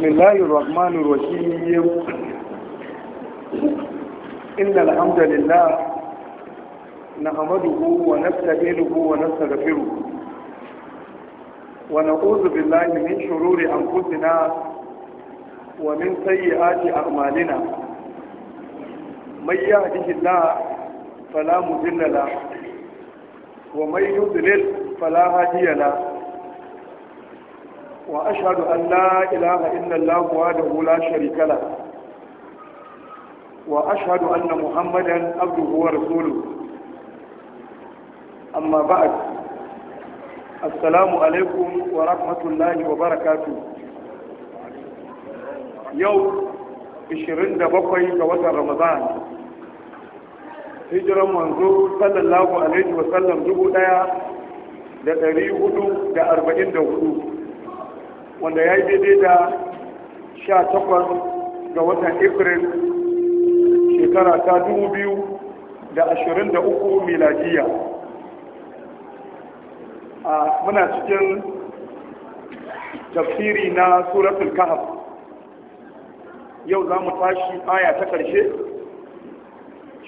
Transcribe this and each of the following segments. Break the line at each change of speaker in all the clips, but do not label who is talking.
bismillahi rahmanu rahim inna alhamdulillah nahmaduhu wa nasta'inuhu wa nastaghfiruh wa na'udhu billahi min shururi anfusina wa min sayyiati a'malina may yahdihillah fala mudilla lahu wa may yudlil fala hadiya lahu wa ashadu an la ilaha illallah da hula sharikala wa ashadu anna muhammadan abduhu wa rasulu amma ba'd assalamu alaikum wa rahmatullahi wa barakatuh
yau 27 ga watan ramadan
hijiran manzo sallallahu alaihi wa sallam dubu daya da ɗari hudu da arba'in da hudu wanda ya yi daidai da sha takwas ga watan april shekara ta dubu biyu da ashirin da uku miladiya a muna cikin
tafsiri na suratul
kahf yau za mu tashi aya ta ƙarshe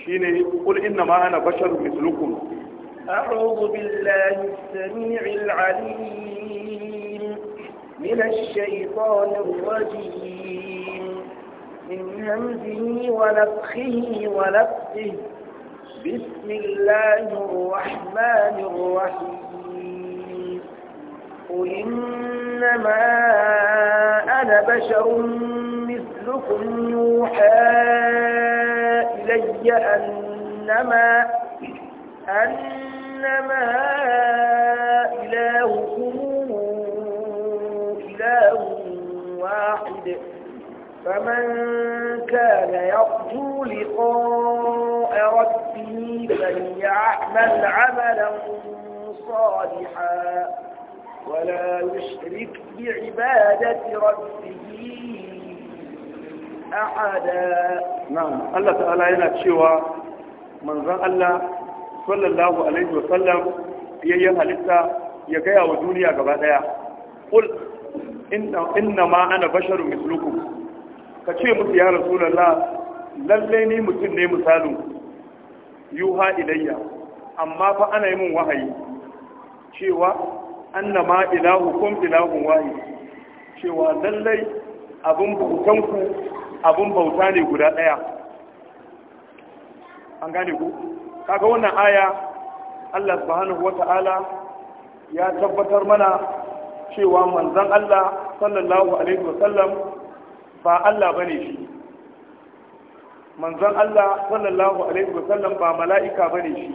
shine kul na ma ana basharun mislukum
أعوذ بالله السميع العليم من الشيطان الرجيم من همزه ونفخه ونفخه بسم الله الرحمن الرحيم قل إنما أنا بشر مثلكم يوحى إلي أنما أنما فمن كان يرجو لقاء ربه فليعمل عملا صالحا ولا يشرك بعبادة ربه أحدا نعم
الله تعالى هنا تشوى من ذا الله صلى الله عليه وسلم يجيها لسا يجيها ودنيا قبل قل إنما أنا بشر مثلكم ka ce musu ya rasulallah lallai ni mutum ne misalin yuha ilayya amma fa ana yi min wahayi cewa annama ilahukum ilahun wahayi cewa lallai abin bautanku abin bauta ne guda ɗaya an gane ku kaga wannan aya Allah subhanahu wata'ala ya tabbatar mana cewa manzon Allah sallallahu alaihi wasallam ba Allah bane shi manzon Allah sallallahu alaihi wasallam ba mala'ika bane shi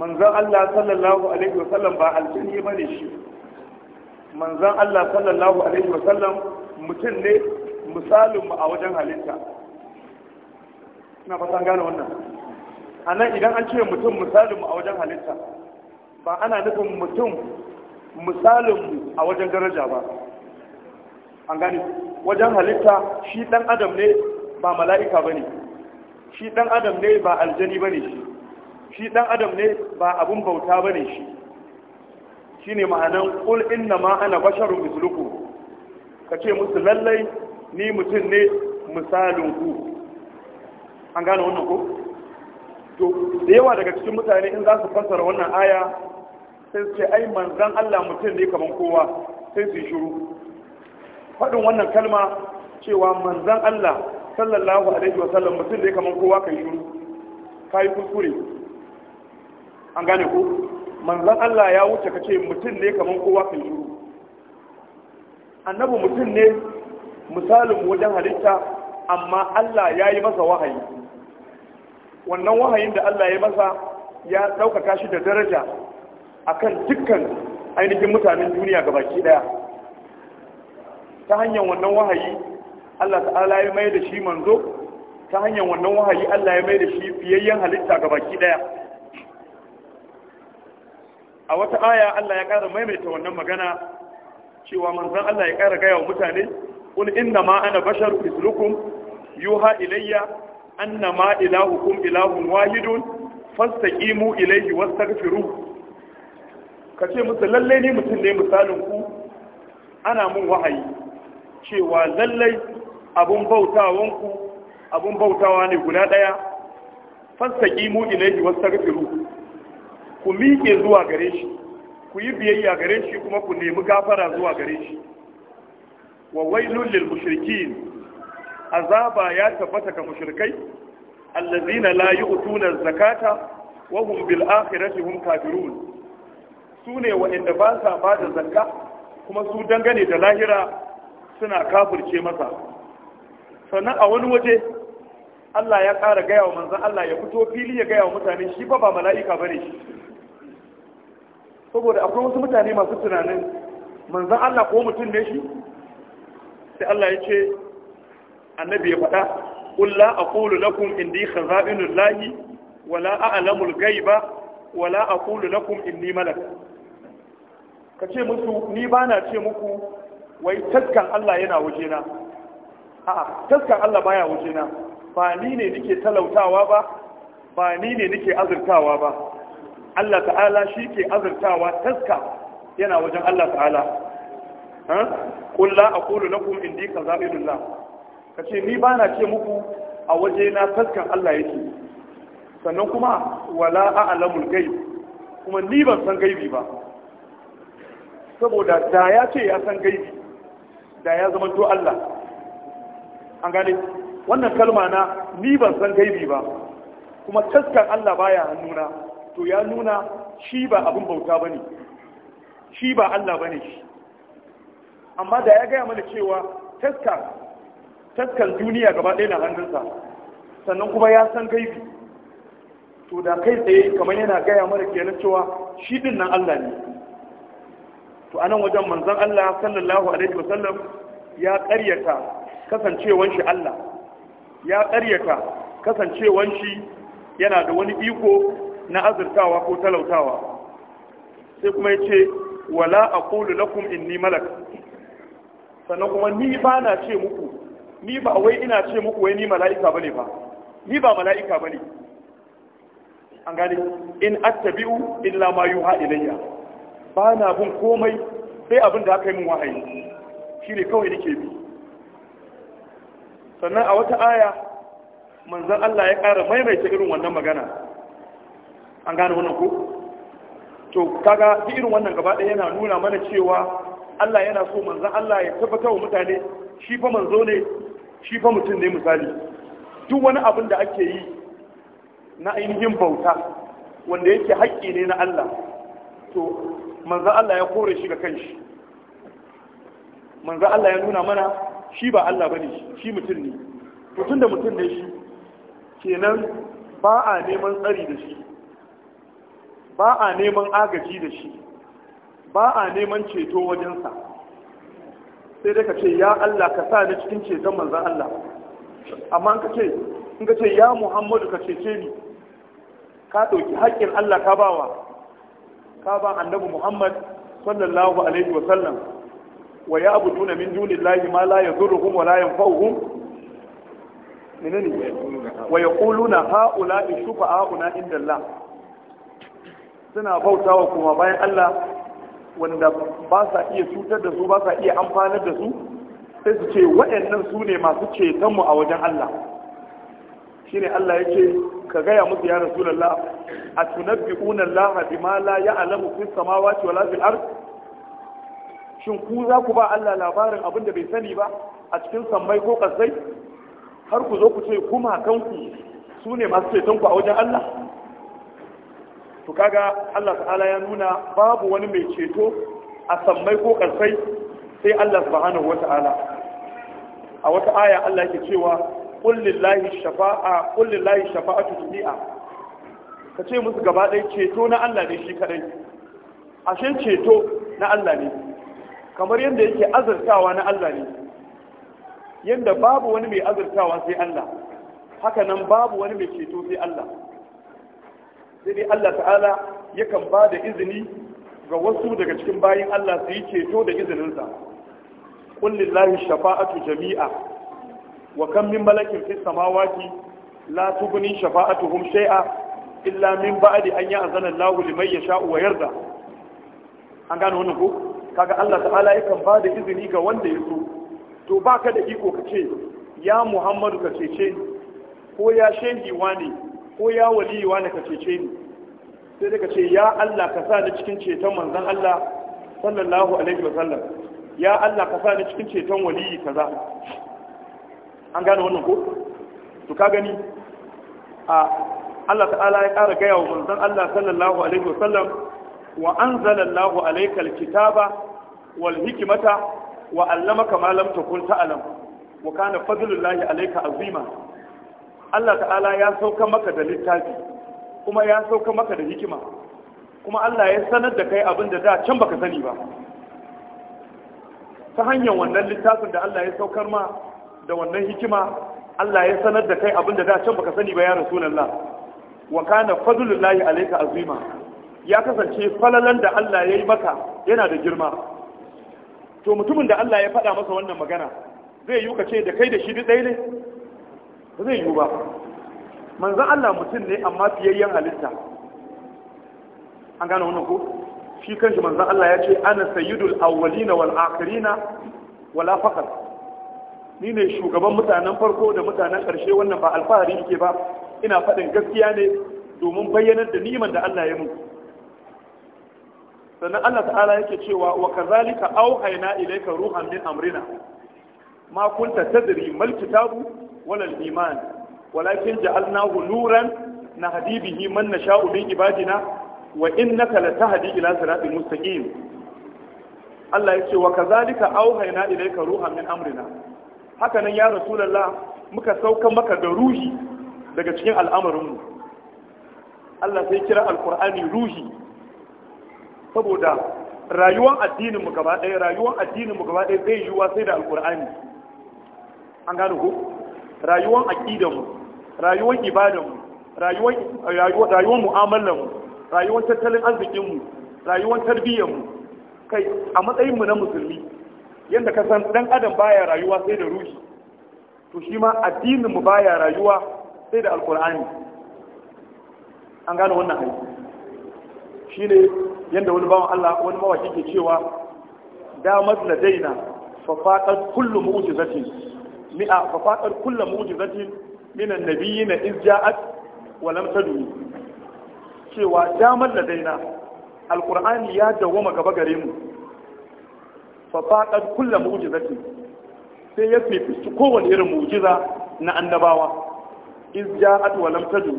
manzon Allah sallallahu alaihi wasallam ba aljini bane shi manzon Allah sallallahu alaihi wasallam mutum ne misalin mu a wajen halitta ina fatan gane wannan anan idan an ce mutum misalin mu a wajen halitta ba ana nufin mutum misalin mu a wajen daraja ba an gani wajen halitta shi dan adam ne ba mala'ika bane shi dan adam ne ba aljani bane shi shi dan adam ne ba abun bauta bane shi shine ma'anan qul inna ma ana basharun Ka kace musu lallai ni mutum ne misalin ku an gane wannan ko to da yawa daga cikin mutane in za su fassara wannan aya sai su ce ai manzan Allah mutum ne kaman kowa sai su yi shiru faɗin wannan kalma cewa manzan Allah sallallahu alaihi wa sallam mutum da ya kamar kowa kan shuru kai kuskure an gane ku. manzan Allah ya wuce ka ce mutum ne kamar kowa kan shuru annabi mutum ne misalin wajen halitta amma Allah ya yi masa wahayi wannan wahayin da Allah ya yi masa ya ɗaukaka shi da daraja akan dukkan ainihin mutanen duniya gabaki ɗaya ta hanyar wannan wahayi Allah ta'ala ya mai da shi manzo ta hanyar wannan wahayi Allah ya mai da shi fiyayyen halitta ga baki daya a wata aya Allah ya ƙara maimaita wannan magana cewa manzon Allah ya ƙara gaya wa mutane kun inna ma ana bashar, mislukum yuha ilayya annama ilahukum ilahun wahidun fastaqimu ilayhi wastaghfiru ka ce musu lalle ni mutum ne misalin ku ana mun wahayi cewa lallai abun bautawanku abun bautawa ne guda ɗaya fastaqimu ilayhi wastaghfiru ku miƙe zuwa gare shi ku yi biyayya gare shi kuma ku nemi gafara zuwa gare shi wa wailul lil mushrikin azaba ya tabbata ga mushrikai allazina la yu'tuna zakata wa hum bil akhirati hum kafirun sune inda ba sa ba da zakka kuma su dangane da lahira suna kafirce masa sannan a wani waje Allah ya ƙara gaya wa manzan Allah ya fito fili ya gaya wa mutane shi ba ba mala'ika ne shi saboda akwai wasu mutane masu tunanin manzan Allah ko mutum ne shi sai Allah ya ce annabi ya faɗa ƙulla a ƙulu kun indi khaza'inul lahi wala a'lamul ba, wala na kun indi inni ka ce musu ni bana ce muku wai taskan Allah yana waje na a'a taskan Allah baya waje na ba ni ne nake talautawa ba ba ni ne nake azurtawa ba Allah ta'ala shi ke azurtawa taska yana wajen Allah ta'ala ha qul la aqulu lakum indi kazabilillah kace ni ba na ce muku a waje na taskan Allah yake sannan kuma wala a'lamul ghaib kuma ni ban san gaibi ba saboda da ya ce ya san gaibi da ya zama to Allah an gane wannan kalma na ni ban san gaibi ba kuma taskan Allah baya hannuna to ya nuna shi ba abin bauta bane shi ba Allah bane shi amma da ya gaya mana cewa taskan taskan duniya gaba ɗaya na hannunsa sannan kuma ya san gaibi to da kai tsaye kamar yana gaya mana kenan cewa shi din nan Allah ne to anan wajen manzon Allah sallallahu alaihi wasallam ya ƙaryata kasancewan shi Allah ya ƙaryata kasancewan shi yana da wani iko na azurtawa ko talautawa sai kuma ya ce wala aqulu lakum inni malak sannan kuma ni ba na ce muku ni ba wai ina ce muku wai ni mala'ika bane ba ni ba mala'ika bane an gane in attabi'u illa ma yuha ilayya ba na bin komai sai abin da aka yi min wahayi shi ne kawai nake bi sannan a wata aya manzan Allah ya ƙara maimaita irin wannan magana an gane wannan ko to kaga ga irin wannan gaba ɗaya yana nuna mana cewa Allah yana so manzan Allah ya tabbatar wa mutane shi fa manzo ne shi fa mutum ne misali duk wani abin da ake yi na ainihin bauta wanda yake haƙƙi ne na Allah to manzo Allah ya kore shi ga kanshi manzo Allah ya nuna mana shi ba Allah bane shi mutum ne to tunda mutum ne shi kenan ba a neman tsari da shi ba a neman agaji da shi ba a neman ceto wajensa sai dai ka ce ya Allah ka sa ni cikin ceton manzo Allah amma ka ce in ka ce ya Muhammadu ka cece ni ka ɗauki haƙƙin Allah ka bawa kaban annabi muhammad sallallahu alaihi wa sallam wa ya abu tuna min duni lahi ma la yadurruhum wa la yanfa'uhum menene
wa yaquluna
haula shufa'auna inda Allah suna bautawa kuma bayan Allah wanda ba sa iya cutar da su ba sa iya amfanar da su sai su ce waɗannan su ne masu cetonmu a wajen Allah shine Allah yake ka gaya musu ya rasulullah atunabbi'una Allah bima la ya'lamu fi samawati wala fil ard shin ku za ku ba Allah labarin abinda bai sani ba a cikin sammai ko kasai har ku zo ku ce kuma kanku su ne masu ceton ku a wajen Allah to kaga Allah ta'ala ya nuna babu wani mai ceto a sammai ko kasai sai Allah subhanahu wata'ala a wata aya Allah yake cewa kullillahi shafa'a shafa'atu jami'a. ka ce musu gaba ɗaya ceto na Allah ne shi kadai ashe ceto na Allah ne kamar yadda yake azurtawa na Allah ne yadda babu wani mai azurtawa sai Allah haka nan babu wani mai ceto sai Allah sai dai Allah ta'ala yakan ba da izini ga wasu daga cikin bayin Allah su yi ceto da izininsa kullillahi shafa'atu jami'a wa kan min malakin fi samawati la tubni shafa'atuhum shay'a illa min ba'di an ya'zana Allahu liman yasha'u wa yarda an gano wannan ko kaga Allah ta'ala yakan ba da izini ga wanda ya so to baka da iko kace ya Muhammadu ka cece ni ko ya shehi wani ko ya wali wani ka cece ni sai ka ce ya Allah ka sa ni cikin ceton manzon Allah sallallahu alaihi wa sallam ya Allah ka sa ni cikin ceton waliyi kaza an gane wannan ko to ka gani a Allah ta'ala ya ƙara gaya wa manzon Allah sallallahu alaihi wasallam wa anzalallahu alayka alkitaba wal hikmata wa allamaka ma lam takun ta'lam wa kana fadlullahi alayka azima Allah ta'ala ya sauka maka da littafi kuma ya sauka maka da hikima kuma Allah ya sanar da kai abin da da can baka sani ba ta hanyar wannan littafin da Allah ya saukar ma da wannan hikima Allah ya sanar da kai abin da da baka sani ba ya rasulullah wa kana fadlullahi alayka azima ya kasance falalan da Allah ya yi maka yana da girma to mutumin da Allah ya faɗa masa wannan magana zai yi kace da kai da shi dai ne ba zai yi ba manzan Allah mutum ne amma fiyayyen halitta an gane wannan ko shi kanshi manzan Allah ya ce ana sayyidul awwalina wal akhirina wala faqat ni ne shugaban mutanen farko da mutanen ƙarshe wannan ba alfahari yake ba ina faɗin gaskiya ne domin bayyanar da niman da Allah ya mu sannan Allah ta'ala yake cewa wa kazalika auhayna ilayka ruhan min amrina ma kunta tadri mal kitabu wala iman walakin ja'alnahu nuran nahdi bihi man nasha'u min ibadina wa innaka latahdi ila siratin mustaqim Allah ce wa kazalika auhayna ilayka ruhan min amrina haka nan ya rasulullah muka sauka maka da ruhi daga cikin al'amarinmu Allah sai kira alkur'ani ruhi saboda rayuwar addininmu gaba ɗaya rayuwar addininmu gaba ɗaya zai yiwuwa sai da alkur'ani an gano ko rayuwar mu, rayuwar ibadanmu rayuwar rayuwar tattalin arzikinmu rayuwar mu kai a matsayinmu na musulmi yadda ka san dan adam baya rayuwa sai da ruhi to shi ma addinin mu baya rayuwa sai da alkur'ani an gane wannan aiki ne yadda wani bawan Allah wani mawaki ke cewa damar damat ladaina fa faqat zafi, ni a fa kullum kullu mu'jizatin min an-nabiyyin na ja'at wa lam tadri cewa damat daina alkur'ani ya dawoma gaba gare mu fafaɗar faqad kullu mu'jizatin sai ya fifici kowane irin mu'jiza na annabawa iz ja'at wa lam tajid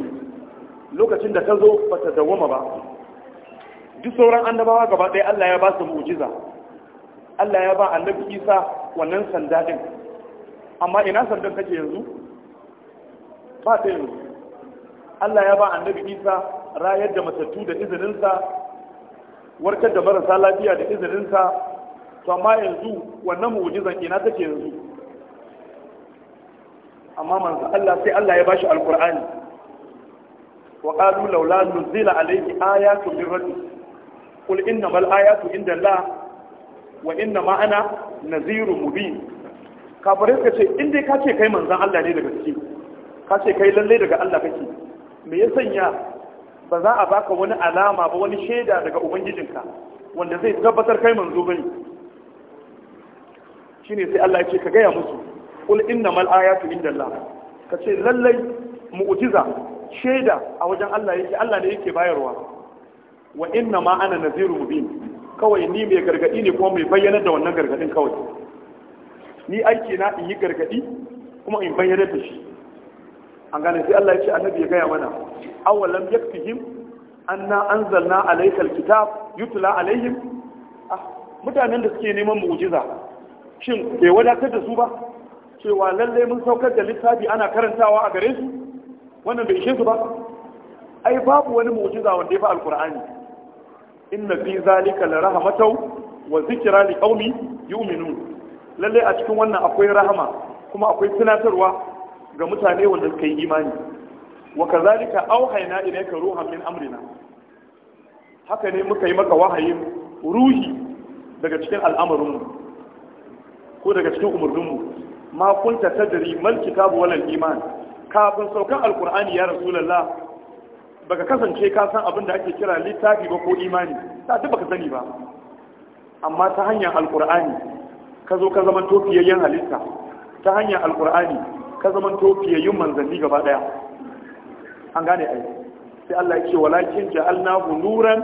lokacin da ta zo ba ta dawoma ba duk sauran annabawa gaba ɗaya Allah ya ba su mu'jiza Allah ya ba annabi Isa wannan sanda din amma ina sandan take yanzu ba ta yanzu Allah ya ba annabi Isa rayar da matattu da izininsa warkar da marasa lafiya da izininsa to amma yanzu wannan mu'jizan ina take yanzu amma manzo Allah sai Allah ya bashi alqur'ani wa qalu laula nuzila alayhi ayatu min rabbi qul innama al-ayatu inda Allah wa innama ana nazirun mubin kafirai suka ce in dai ka ce kai manzon Allah ne daga gaske ka ce kai lalle daga Allah kake me ya sanya ba za a baka wani alama ba wani shaida daga ubangijinka wanda zai tabbatar kai manzo bane shine sai Allah ya ce ka gaya musu kul innamal ayatu indallah ka ce lallai mu'jiza shaida a wajen Allah yake Allah ne yake bayarwa wa inna ma ana nazirun mubin kawai ni mai gargadi ne kuma mai bayyana da wannan gargadin kawai ni aiki na in yi gargadi kuma in bayyana da shi an gane sai Allah ya ce annabi ya gaya mana awalam yakfihim anna anzalna alaykal kitab yutla alaihim ah, mutanen da suke neman mu'jiza shin bai wadatar da su ba cewa lalle mun saukar da littafi ana karantawa a gare su wannan bai ishe su ba ai babu wani mu'jiza wanda ya fi alkur'ani inna fi zalika la rahmatan wa zikra li qaumi yu'minun lalle a cikin wannan akwai rahama kuma akwai tunatarwa ga mutane wanda suka yi imani wa kazalika auhayna ilayka ruhan min amrina haka ne muka yi maka wahayin ruhi daga cikin al'amarinmu ko daga cikin umarninmu ma ta tadari mal kitabu walal iman kafin saukan alkur'ani ya rasulullah baka kasance ka san abin da ake kira littafi ba ko imani ta duk baka sani ba amma ta hanyar alkur'ani ka zo ka zama tofiyayyen halitta ta hanyar alkur'ani ka zama tofiyayyen manzanni gaba daya an gane ai sai Allah ya ce walakin ja'alnahu nuran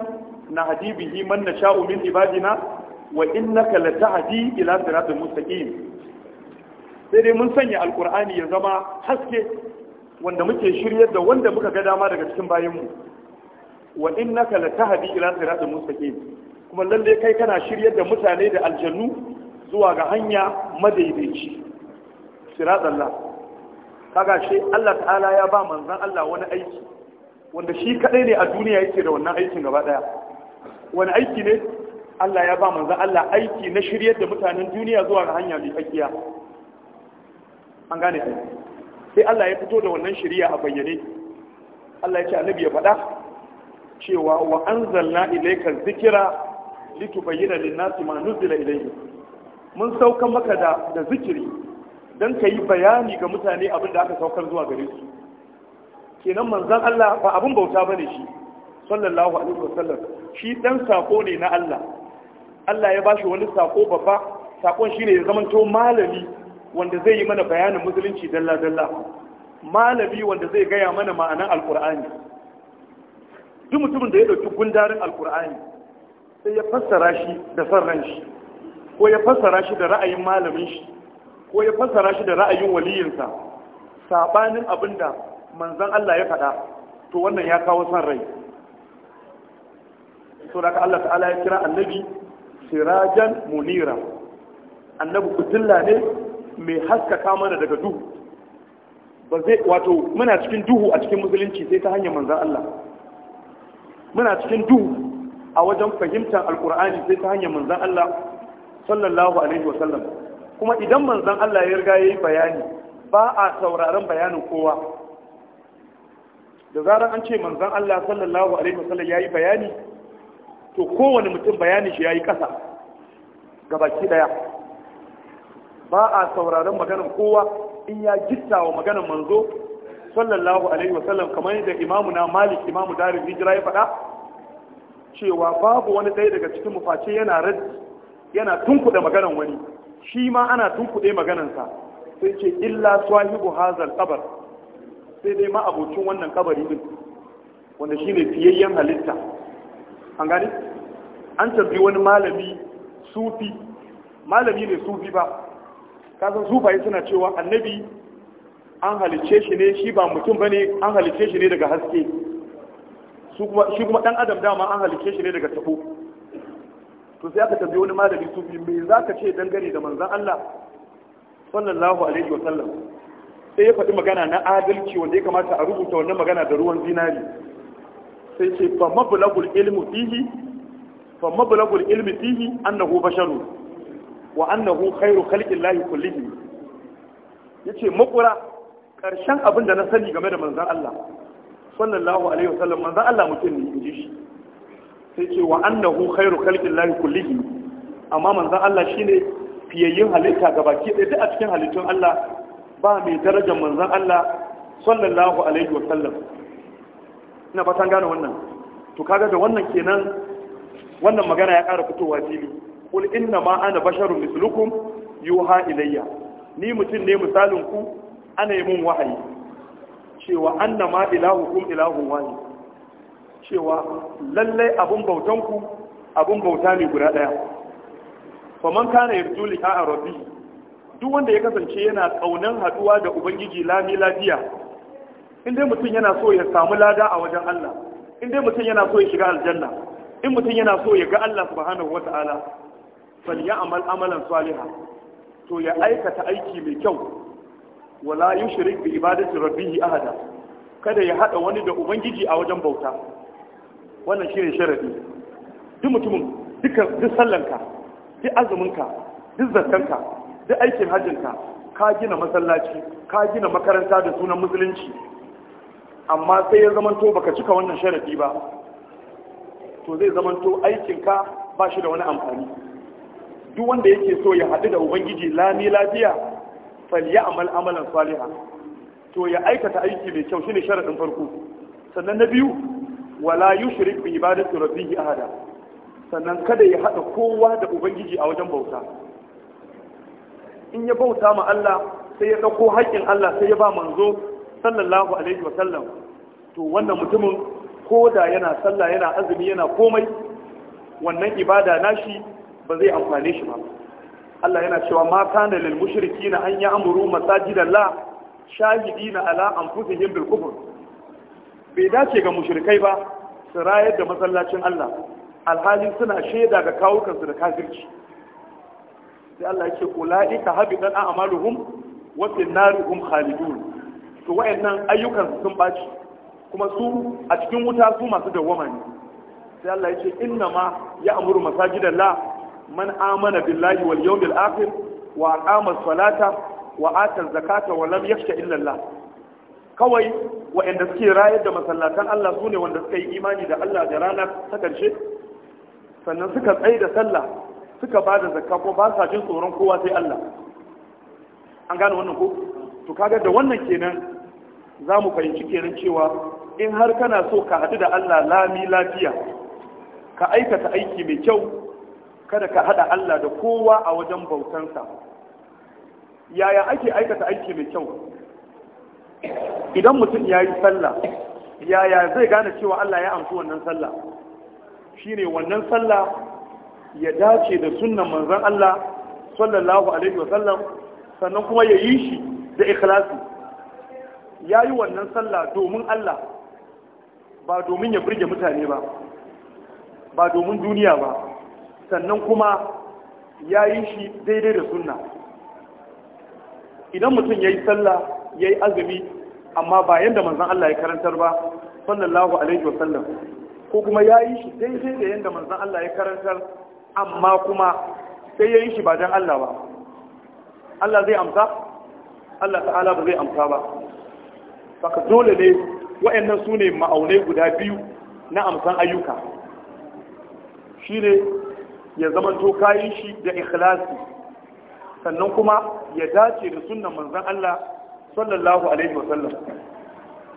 nahdi bihi man nasha'u min ibadina wa innaka latahdi ila siratal mustaqim sai dai mun sanya alqur'ani ya zama haske wanda muke shiryar da wanda muka ga dama daga cikin bayanmu wa innaka latahdi ila siratal mustaqim kuma lalle kai kana shiryar da mutane da aljannu zuwa ga hanya madaidaici siratallah kaga shi Allah ta'ala ya ba manzon Allah wani aiki wanda shi kadai ne a duniya yake da wannan aikin gaba daya wani aiki ne Allah ya ba manzan Allah aiki na shiryar da mutanen duniya zuwa ga hanya miƙaƙiya an gane ku sai Allah ya fito da wannan shirya a bayyane Allah ya ce annabi ya faɗa cewa wa anzalna ilayka dhikra litubayyana lin-nasi ma nuzila ilayhi mun saukar maka da da zikiri dan kai bayani ga mutane abin da aka saukar zuwa gare su kenan manzan Allah ba abin bauta bane shi sallallahu alaihi wasallam shi dan sako ne na Allah Allah ya ba shi wani sako babba sakon shine ya zamanto malami wanda zai yi mana bayanin musulunci dalla dalla malami wanda zai gaya mana ma'anan alkur'ani duk mutumin da ya dauki gundarin alkur'ani sai ya fassara shi da san ran shi ko ya fassara shi da ra'ayin malamin shi ko ya fassara shi da ra'ayin waliyinsa sabanin abinda manzon Allah ya faɗa to wannan ya kawo son rai saboda Allah ta'ala ya kira annabi sirajan munira annabi fitilla ne mai haskaka mana daga duhu ba zai wato muna cikin duhu a cikin musulunci sai ta hanyar manzan Allah muna cikin duhu a wajen fahimtar alkur'ani sai ta hanyar manzan Allah sallallahu alaihi wa sallam kuma idan manzan Allah ya riga yayi bayani ba a sauraron bayanin kowa da zarar an ce manzan Allah sallallahu alaihi wa sallam yayi bayani to kowane mutum bayanin shi yayi kasa gabaki daya ba a sauraron maganar kowa in ya gitta wa maganar manzo sallallahu alaihi wasallam kamar yadda imamu na malik imamu darin hijira ya faɗa cewa babu wani ɗaya daga cikin mufaci yana rad yana tunkuɗe maganar wani shi ma ana tunkuɗe maganarsa sai ce illa swahibu hazal kabar sai dai ma abocin wannan kabari din wanda shine fiyayyen halitta an gani an tabbi wani malami sufi malami ne sufi ba kasan sufaye suna cewa annabi an halice shi ne shi ba mutum bane an halice shi ne daga haske shi kuma dan adam dama an halice shi ne daga tabo to sai aka tambaye wani malami sufi me zaka ce dangane da manzon Allah sallallahu alaihi wa sallam sai ya faɗi magana na adalci wanda ya kamata a rubuta wannan magana da ruwan zinari sai ce fa mabulagul ilmu fihi fa mablagul ilmi fihi annahu basharu wa annahu khairu khalqillahi kullihim yace makura karshen abin da na sani game da manzan Allah sallallahu alaihi wasallam manzan Allah mutum ne inji shi sai ce wa annahu khairu lahi, kullihi amma manzan Allah shine fiyayyin halitta gabaki ɗaya duk a cikin halittun Allah ba mai darajar manzan Allah sallallahu alaihi wasallam ina ta gane wannan to kaga da wannan kenan wannan magana ya ƙara fitowa fili kul inna ma ana basharun mislukum yuha ilayya ni mutum ne misalin ku ana yi mun wahayi cewa anna ma ilahukum ilahun wahid cewa lallai abun bautan ku abun bauta ne guda daya man kana yarju liqa rabbi duk wanda ya kasance yana kaunan haduwa da ubangiji lami lafiya in dai yana so ya samu lada a wajen Allah in dai mutum yana so ya shiga aljanna in mutum yana so ya ga Allah subhanahu wata'ala fal amal amalan saliha to ya aikata aiki mai kyau wala yushrik bi ibadati rabbih ahada kada ya haɗa wani da ubangiji a wajen bauta wannan shine sharadi duk mutumin duk sallanka duk azuminka duk zakkanka duk aikin hajjinka ka gina masallaci ka gina makaranta da sunan musulunci amma sai ya zamanto baka cika wannan sharadi ba to zai zamanto aikinka ba shi da wani amfani duk wanda yake so ya haɗu da ubangiji lami lafiya falya amal amalan saliha to ya aikata aiki mai kyau shine sharaɗin farko sannan na biyu wala yushrik bi ibadati rabbihi ahada sannan kada ya haɗa kowa da ubangiji a wajen bauta in ya bauta ma Allah sai ya ɗauko haƙƙin Allah sai ya ba manzo sallallahu alaihi wa sallam to wannan mutumin ko da yana sallah yana azumi yana komai wannan ibada nashi ba zai amfane shi ba Allah yana cewa ma kana lil na an ya'muru masajidallah shahidina ala anfusihim bil kufr bai dace ga mushirikai ba su rayar da masallacin Allah alhali suna shaida ga kawukansu da kafirci sai Allah ya ce ulaika habitat a'maluhum wa fi narihum khalidun to wayannan ayyukan sun baci kuma su a cikin wuta su masu dawwama ne sai Allah ya ce inna ma ya amuru masajidan la man amana billahi wal yawmil akhir wa aqama salata wa ata zakata wa lam yakhsha illa Allah kawai waɗanda suke rayar da masallatan Allah sune ne wanda suka yi imani da Allah da rana ta karshe sannan suka tsaye da sallah suka ba da zakka ko ba sa jin tsoron kowa sai Allah an gane wannan ko to kaga da wannan kenan za mu fahimci kenan cewa in har kana so ka haɗu da Allah lami lafiya ka aikata aiki mai kyau kada ka haɗa Allah da kowa a wajen bautansa yaya ake aikata aiki mai kyau idan mutum ya yi sallah yaya zai gane cewa Allah ya amsu wannan sallah shine wannan sallah ya dace da sunnan manzon Allah sallallahu alaihi wa sallam sannan kuma ya yi shi da ikhlasi ya yi wannan sallah domin Allah ba domin ya burge mutane ba ba domin duniya ba sannan kuma ya yi shi daidai da sunna idan mutum ya yi sallah ya yi azumi amma ba yadda manzan Allah ya karantar ba sallallahu alaihi wasallam ko kuma ya yi shi daidai da yadda manzan Allah ya karantar amma kuma sai ya yi shi ba don Allah ba Allah zai amsa Allah ta'ala ba zai amsa ba ka dole ne wa'annan su ne ma'aunai guda biyu na amsan ayyuka shi ne ya zamanto kayan shi da ikhlasi sannan kuma ya dace da sunan manzan Allah sallallahu alaihi wasallam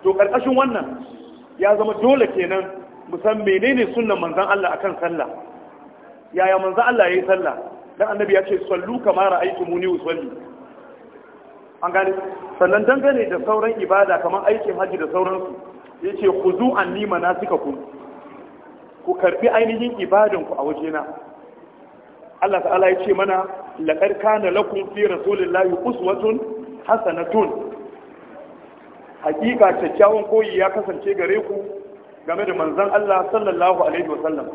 to ƙarƙashin wannan ya zama dole kenan musan menene sunan manzan Allah akan sallah yaya manzan Allah ya yi sallah dan annabi ya ce sallu kama ra'aytumuni usalli an gani sannan dangane da sauran ibada kamar aikin haji da sauransu ya ce ku zu an nima na suka ku ku karfi ainihin ibadanku a na Allah ta'ala ya ce mana laƙar kana lakun fi rasulillahi uswatun hasanatun hakika kyakkyawan koyi ya kasance gare ku game da manzan Allah sallallahu alaihi wa sallam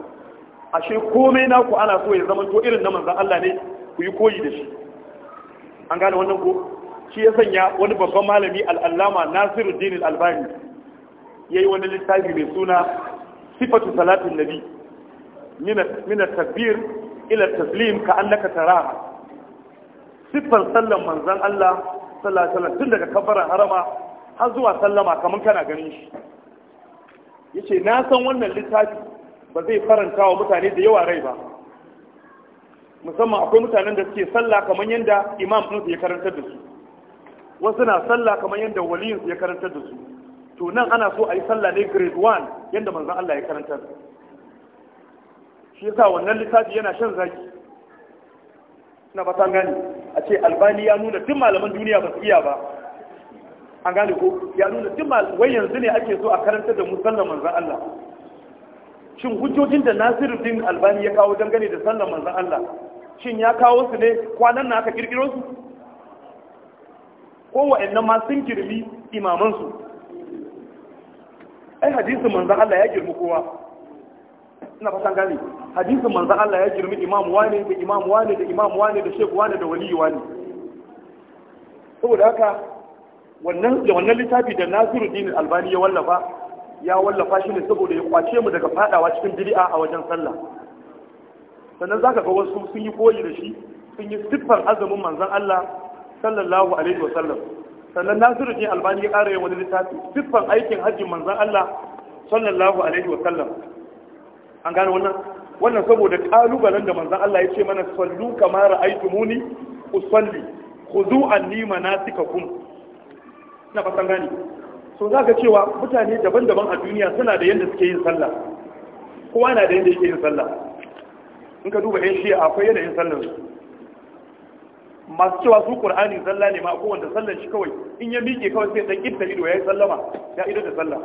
ashe komai naku ana so ya zama to irin na manzan Allah ne ku yi koyi da shi an gane wannan ko shi ya sanya wani babban malami al'allama nasiruddin al'albani ya yi wani littafi mai suna sifatu salatin nabi mina takbir ila taslim ka annaka siffar sallan manzan Allah sallallahu tun daga kafarar harama har zuwa sallama kamar kana ganin shi Ya ce na san wannan littafi ba zai faranta wa mutane da yawa rai ba musamman akwai mutanen da suke sallah kamar yadda imam ɗinsu ya karantar da su wasu na sallah kamar yadda waliyin ya karantar da su to nan ana so a yi sallah ne grade 1 yadda manzon Allah ya karantar shi yasa wannan littafi yana shan zaki na ba san gani a ce albani ya nuna duk malaman duniya ba su iya ba an gane ko ya nuna duk malaman wai yanzu ne ake so a karantar da mu sallar manzon Allah shin hujjojin da Nasiruddin Albani ya kawo dangane da sallar manzon Allah shin ya kawo su ne kwanan na aka kirkiro su ko wa'annan ma sun girmi imamansu ai hadisin manzan Allah ya girmi kowa ina fasan gane hadisin manzan Allah ya girmi imam wane da imam wane da imam wane da shek wane da wali wane saboda haka wannan da wannan littafi da Nasiruddin Albani ya wallafa ya wallafa shi ne saboda ya kwace mu daga fadawa cikin bid'a a wajen sallah sannan zaka ga wasu sun yi koyi da shi sun yi siffar azumin manzan Allah sallallahu alaihi wasallam sannan nasiru ne albani ya ƙara yin wani littafi siffan aikin hajji manzan Allah sallallahu alaihi wasallam an gane wannan wannan saboda ƙalubalen da manzan Allah ya ce mana sallu kama ra'aytumuni usalli khudu anni manasikakum na fatan gani so zaka cewa mutane daban-daban a duniya suna da yanda suke yin sallah kowa na da yanda yake yin sallah in ka duba yan shi akwai yanayin sallar su masu cewa su qur'ani zalla ne ma ko wanda sallan shi kawai in ya miƙe kawai sai dan kitta ido yi sallama ya ido da sallah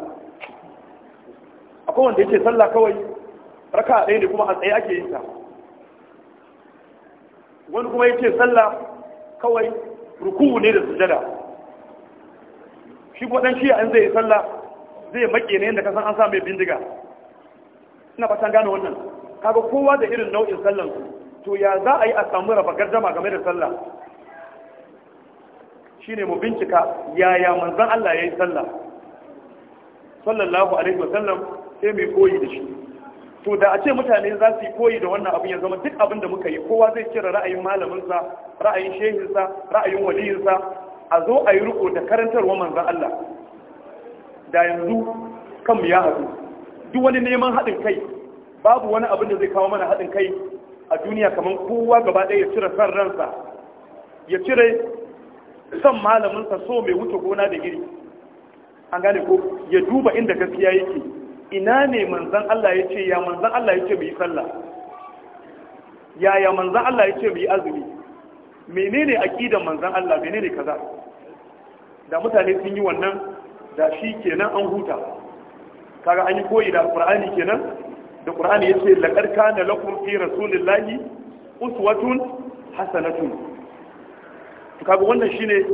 akwai wanda yake sallah kawai raka ɗaya ne kuma a tsaye ake yin ta wani kuma yake sallah kawai ruku'u ne da sujada shi ko dan shi an zai sallah zai maƙe ne yadda ka san an sa mai bindiga ina fatan gane wannan kaga kowa da irin nau'in sallan su to ya za a yi a samu raba gardama game da sallah Shi ne mu bincika yaya manzan Allah ya yi sallah sallallahu alaihi wasallam sai mu koyi da shi to da a ce mutane za su yi koyi da wannan abin ya zama duk abin da muka yi kowa zai cire ra'ayin malaminsa ra'ayin shehinsa ra'ayin waliyinsa a zo a yi riko da karantarwa manzan Allah da yanzu kanmu ya haɗu duk wani neman haɗin kai babu wani abin da zai kawo mana haɗin kai a duniya kamar kowa gaba ɗaya ya cire san ransa ya cire san malaminsa so mai wuce gona da giri an gane ko ya duba inda gaskiya yake ina ne manzan Allah ya ce ya manzan Allah ya ce mai sallah yaya manzan Allah ya ce mai azumi menene aqidan manzan Allah menene kaza da mutane sun yi wannan da shi kenan an huta kaga an yi koyi da Qur'ani kenan da qur'ani yace laqad kana lakum fi rasulillahi uswatun hasanatun to kaga wannan shine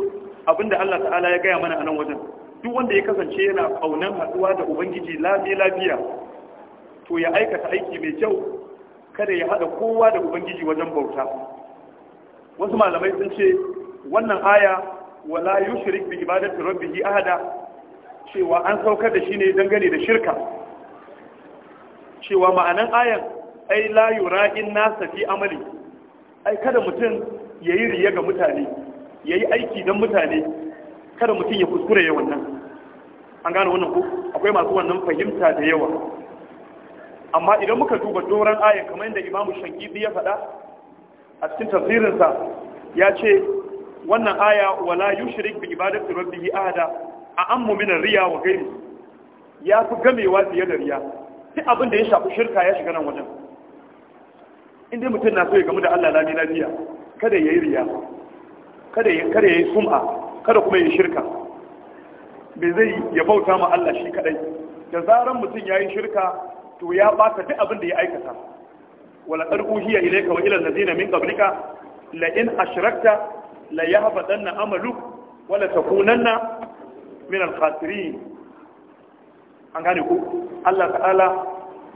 abinda Allah ta'ala ya gaya mana a nan wajen duk wanda ya kasance yana kaunan haduwa da ubangiji lafiya lafiya to ya aikata aiki mai kyau kada ya haɗa kowa da ubangiji wajen bauta wasu malamai sun ce wannan aya wala yushrik bi ibadati rabbih ahada cewa an saukar da shi ne dangane da shirka cewa ma'anan ayan ai la in nasa fi amali ai kada mutum yayi riya ga mutane yayi aiki don mutane kada mutum ya kuskure ya wannan an gane wannan ko akwai masu wannan fahimta da yawa amma idan muka duba doron ayan kamar yadda imamu shankidi ya faɗa a cikin tafsirinsa ya ce wannan aya wala yushrik bi ibadati rabbihi ahada a min ar riya wa ghayri ya fi gamewa fiye da riya duk abin da ya shafi shirka ya shiga nan wajen inda mutum na so ya gamu da Allah lami lafiya kada ya yi riya kada ya yi sum'a kada kuma ya shirka Me zai ya bauta ma Allah shi kadai da zaran mutum ya yi shirka to ya baka duk abin da ya aikata wala qarquhiya ilayka wa na allazina min qablika la in ashrakta la yahbatanna amaluk wala takunanna min al-khasirin an gane ko Allah ta'ala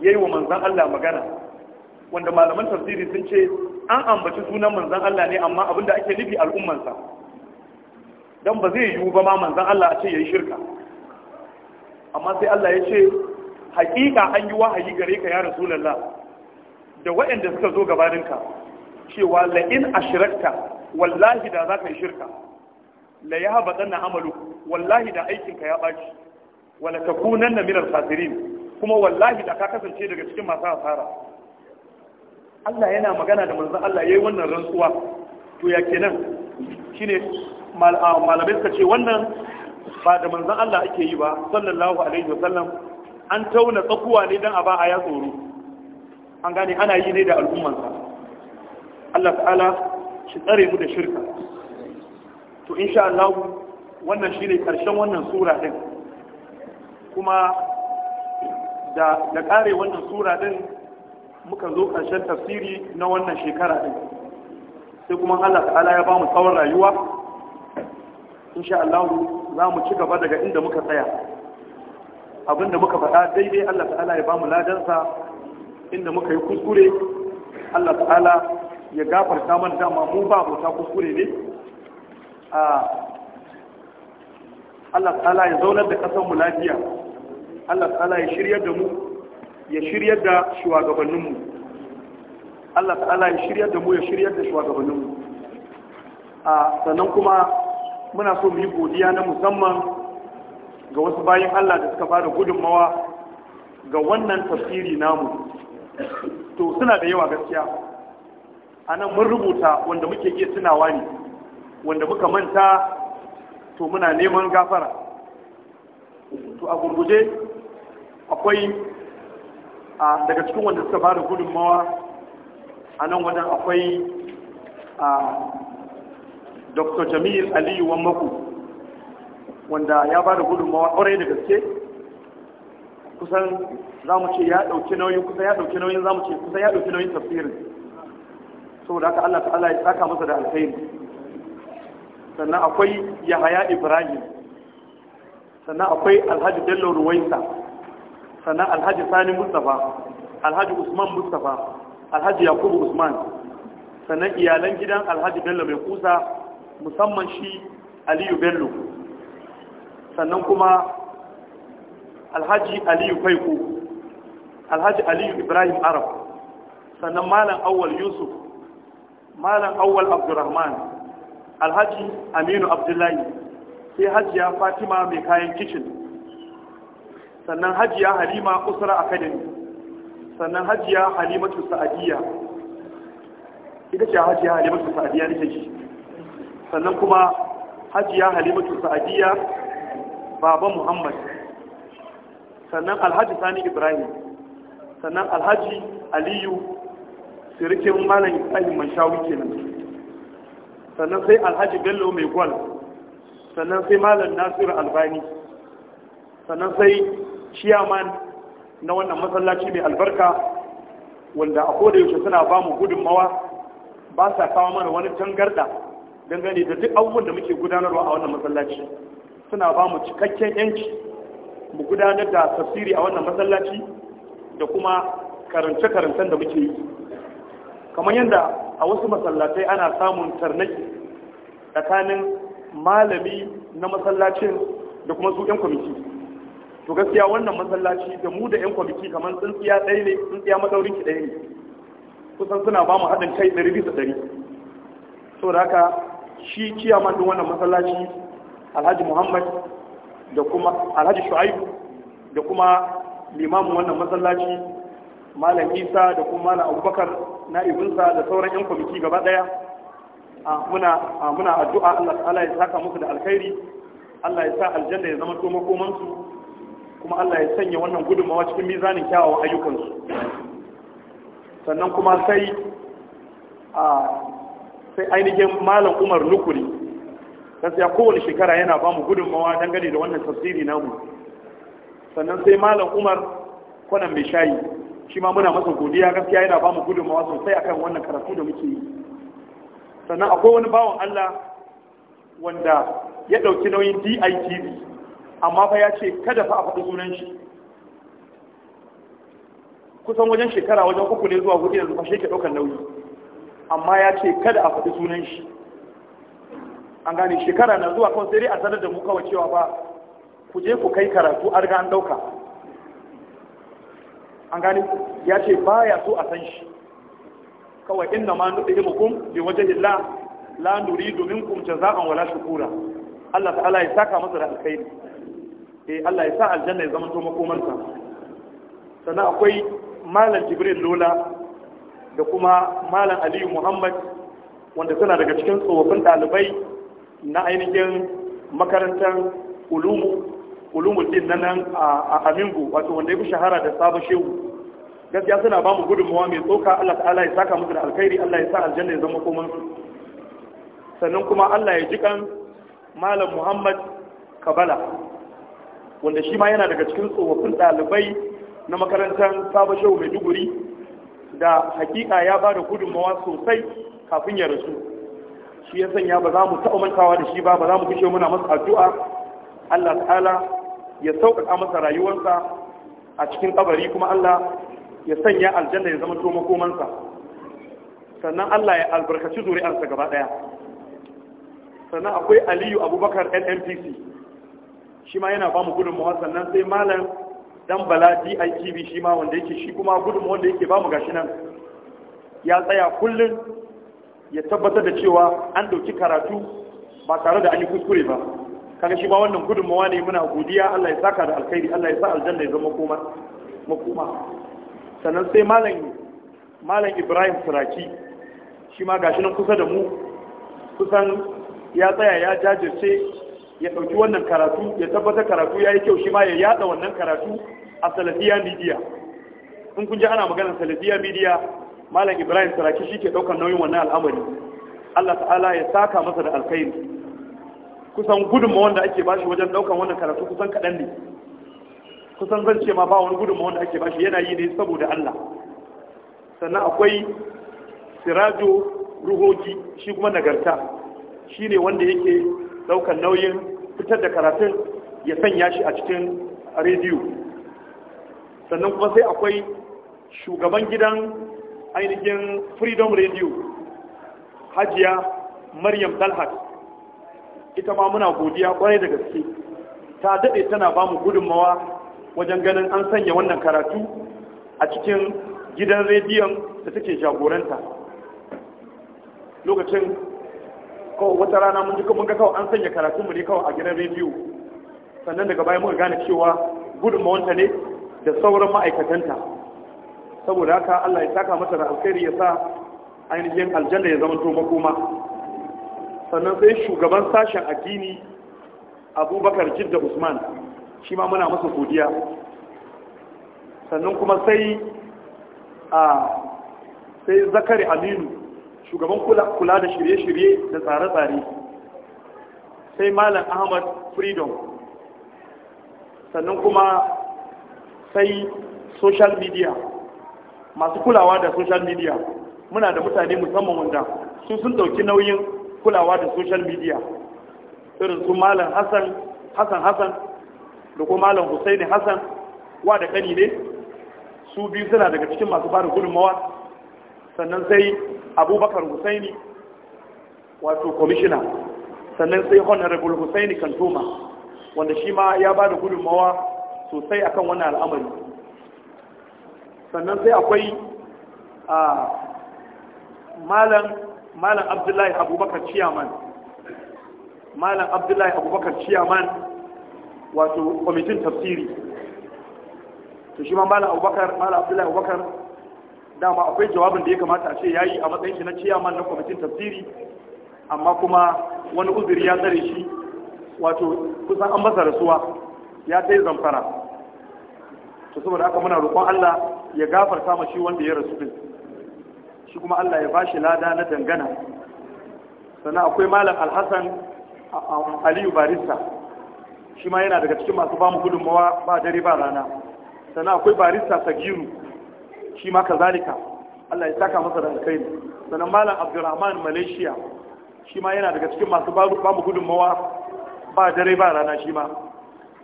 yayi wa manzon Allah magana wanda malaman tafsiri sun ce an ambaci sunan manzon Allah ne amma abinda ake nufi al'ummansa dan ba zai yiwu ba ma manzon Allah a ce yayi shirka amma sai Allah ya ce haƙiƙa an yi wahayi gare ka ya rasulullah da waɗanda suka zo ka cewa in ashrakta wallahi da za yi shirka la ya amalu wallahi da aikinka ya baci wala takunanna min minar khasirin kuma wallahi da ka kasance daga cikin masu asara. Allah yana magana da manzon Allah yayi wannan rantsuwa to ya kenan shine ah, malamai suka ce wannan ba da manzon Allah ake yi ba sallallahu alaihi wa sallam. an tauna tsakuwa ne dan a ba a ya tsoro an gane ana yi ne da al'ummansa Allah ta'ala shi tsare mu da shirka to insha Allah wannan shine ƙarshen wannan sura din kuma da da kare wannan sura din muka zo ƙarshen tafsiri na wannan shekara din sai kuma Allah ta'ala ya mu tsawon rayuwa insha Allah za mu ci gaba daga inda muka tsaya abinda muka faɗa daidai Allah ta'ala ya ba mu ladansa inda muka yi kuskure Allah ta'ala ya gafarta mana dama mu ba mu ta kuskure ne a ah, Allah ta'ala ya zaunar da ƙasar mu lafiya Allah ta'ala ya shiryar da mu ya shirya da shugabanninmu Allah ta'ala ya shirya da mu ya shirya da shugabanninmu a sannan kuma muna so mu yi godiya na musamman ga wasu bayan Allah da suka fara gudunmawa ga wannan tafsiri namu to suna da yawa gaskiya anan mun rubuta wanda muke iya tunawa ne wanda muka manta to muna neman gafara to a gurguje akwai a daga cikin wanda suka fara gudunmawa a nan wajen akwai a dr jamil aliyu wammaku wanda ya ba da gudunmawa kwarai da gaske kusan za mu ce ya ɗauki nauyin kusan ya ɗauki nauyin za mu ce kusan ya ɗauki nauyin tafsirin saboda haka allah ta'ala ya tsaka masa da alkhairi sannan akwai yahaya ibrahim sannan akwai alhaji bello ruwaisa sannan alhaji sani mustapha alhaji usman mustapha alhaji yakubu usman sannan iyalan gidan alhaji bello mai kusa musamman shi aliyu bello sannan kuma alhaji aliyu kwaiko alhaji aliyu ibrahim arab sannan malam awwal yusuf malam awwal abdurrahman alhaji aminu abdullahi sai hajiya fatima mai kayan kicin sannan hajiya halima usra academy sannan hajiya halimatu sa'adiyya ita ce hajiya halimatu sa'adiyya nake ji sannan kuma hajiya halimatu sa'adiyya baba muhammad sannan alhaji sani ibrahim sannan alhaji aliyu sirikin malam ibrahim manshawi kenan sannan sai alhaji bello mai gwal sannan sai malam nasiru albani sannan sai ciyaman na wannan masallaci mai albarka wanda a koda yaushe suna ba mu gudunmawa ba sa kawo mana wani tangarda dangane da duk abubuwan da muke gudanarwa a wannan masallaci suna ba mu cikakken yanci mu gudanar da tafsiri a wannan masallaci da kuma karance-karancen da muke yi kamar yadda a wasu masallatai ana samun tarnaki tsakanin malami na masallacin da kuma su 'yan kwamiti to gaskiya wannan masallaci da mu da 'yan kwamiti kamar tsintsiya ɗaya ne tsintsiya maɗaurin ki ɗaya ne kusan suna ba mu haɗin kai ɗari bisa ɗari so da haka shi ciyaman ɗin wannan masallaci alhaji muhammad da kuma alhaji shu'aibu da kuma limamin wannan masallaci malam isa da kuma malam abubakar na ibinsa da sauran 'yan kwamiti gaba ɗaya muna addu'a allah ya saka musu da alkhairi allah ya sa aljanna ya zama to makomansu kuma Allah ya sanya wannan gudunmawa cikin mizanin kyawawan ayyukansu sannan kuma sai a sai ainihin malam umar nukuri gaskiya kowane shekara yana ba mu gudunmawa dangane da wannan tafsiri namu sannan sai malam umar kwanan mai shayi shi ma muna masa godiya gaskiya yana ba mu gudunmawa sosai akan wannan karatu da muke yi sannan akwai wani bawan Allah wanda ya ɗauki nauyin DITV amma fa ya ce kada fa a faɗi sunan shi kusan wajen shekara wajen uku ne zuwa hudu yanzu fashe ke ɗaukar nauyi amma ya ce kada a faɗi sunan shi an gane shekara na zuwa kawai sai dai a sanar da mu kawai cewa ba ku je ku kai karatu an ga an ɗauka an gane ya ce ba ya so a san shi kawai inna ma nuɗi himukum bi wajen illa la nuridu minkum jaza'an wala shukura Allah ta'ala ya saka masa da alkhairi E Allah ya sa aljanna ya zama to makomarsa sannan akwai malam Jibril Lola da kuma malam Aliyu Muhammad wanda suna daga cikin tsofaffin ɗalibai na ainihin makarantar ulumu ulumuddin na nan a Amingu wato wanda ya fi shahara da sabon shehu gaskiya suna ba mu gudunmawa mai tsoka Allah ta'ala ya saka musu da alkhairi Allah ya sa aljanna ya zama komai. su sannan kuma Allah ya ji kan malam Muhammad Kabala wanda shi ma yana daga cikin tsofaffin ɗalibai na makarantar sabon shehu maiduguri da hakika ya ba da gudunmawa sosai kafin ya rasu shi ya sanya ba za mu taɓa mantawa da shi ba ba za mu kushe muna masa addu'a allah ta'ala ya sauƙaƙa masa rayuwarsa a cikin ƙabari kuma allah ya sanya aljanna ya zama tomo makomansa sannan allah ya albarkaci zuri'arsa gaba ɗaya sannan akwai aliyu abubakar nnpc shi ma yana ba mu gudunmawa sannan sai malam dan bala DITB shi ma wanda yake shi kuma gudunmawa wanda yake ba mu gashi nan ya tsaya kullum ya tabbatar da cewa an ɗauki karatu ba tare da an yi kuskure ba kaga shi ma wannan gudunmawa ne muna godiya Allah ya saka da alkhairi Allah ya sa aljanna ya zama koma makoma sannan sai malam malam Ibrahim Suraki shi ma gashi nan kusa da mu kusan ya tsaya ya jajirce ya ɗauki wannan karatu ya tabbatar karatu ya yi kyau shi ma ya yada wannan karatu a salafiya midiya in kun ji ana magana salafiya midiya malam ibrahim saraki shi ke ɗaukar nauyin wannan al'amari allah ta'ala ya saka masa da alkhairi kusan gudunma wanda ake bashi wajen ɗaukar wannan karatu kusan kaɗan ne kusan zan ce ma ba wani gudunma wanda ake bashi yana yi ne saboda allah sannan akwai sirajo ruhoji shi kuma nagarta shi ne wanda yake ɗaukar nauyin fitar da karatun ya sanya shi a cikin rediyo sannan kuma sai akwai shugaban gidan ainihin freedom radio hajiya maryam dalhat ita ma muna godiya kwarai da gaske ta daɗe tana ba mu gudunmawa wajen ganin an sanya wannan karatu a cikin gidan rediyon da take jagoranta lokacin kawai wata rana mun ji mun ga kawai an sanya karatunmu ne kawai a gidan rediyo sannan daga baya muka gane cewa gudunmawanta ne da sauran ma'aikatanta saboda haka Allah ya saka mata da alkhairi ya sa ainihin aljanna ya zama makoma sannan sai shugaban sashen addini abubakar jidda usman shi ma muna masa godiya sannan kuma sai a ah, sai zakari aminu shugaban kula da shirye-shirye da tsare-tsare sai malam ahmad freedom sannan kuma sai social media masu kulawa da social media muna da mutane musamman wanda su sun dauki nauyin kulawa da social media irin su malam hassan hassan hassan da kuma malam Hussaini hassan wa da kani ne su biyu suna daga cikin masu bada gudunmawa sannan sai abubakar husaini wato kwamishina sannan sai honorable husaini kantoma wanda shi ma ya ba da gudunmawa sosai akan wannan al'amari sannan sai akwai a malam malam abdullahi abubakar ciyaman malam abdullahi abubakar ciyaman wato kwamitin tafsiri to shi ma malam abubakar malam abdullahi abubakar dama akwai jawabin da ya kamata a ce ya yi a matsayin shi na ciyaman na kwamitin tafsiri amma kuma wani uzuri ya tsare shi wato kusan an masa rasuwa ya ta zamfara to saboda haka muna roƙon Allah ya gafarta ma shi wanda ya rasu din shi kuma Allah ya bashi lada na dangana sannan akwai malam alhassan aliyu barista shi ma yana daga cikin masu bamu gudunmawa ba dare ba rana sannan akwai barista sagiru shi ma kazalika Allah ya saka masa da alkhairi sannan malam Abdulrahman Malaysia shi ma yana daga cikin masu babu gudunmawa ba dare ba rana shi ma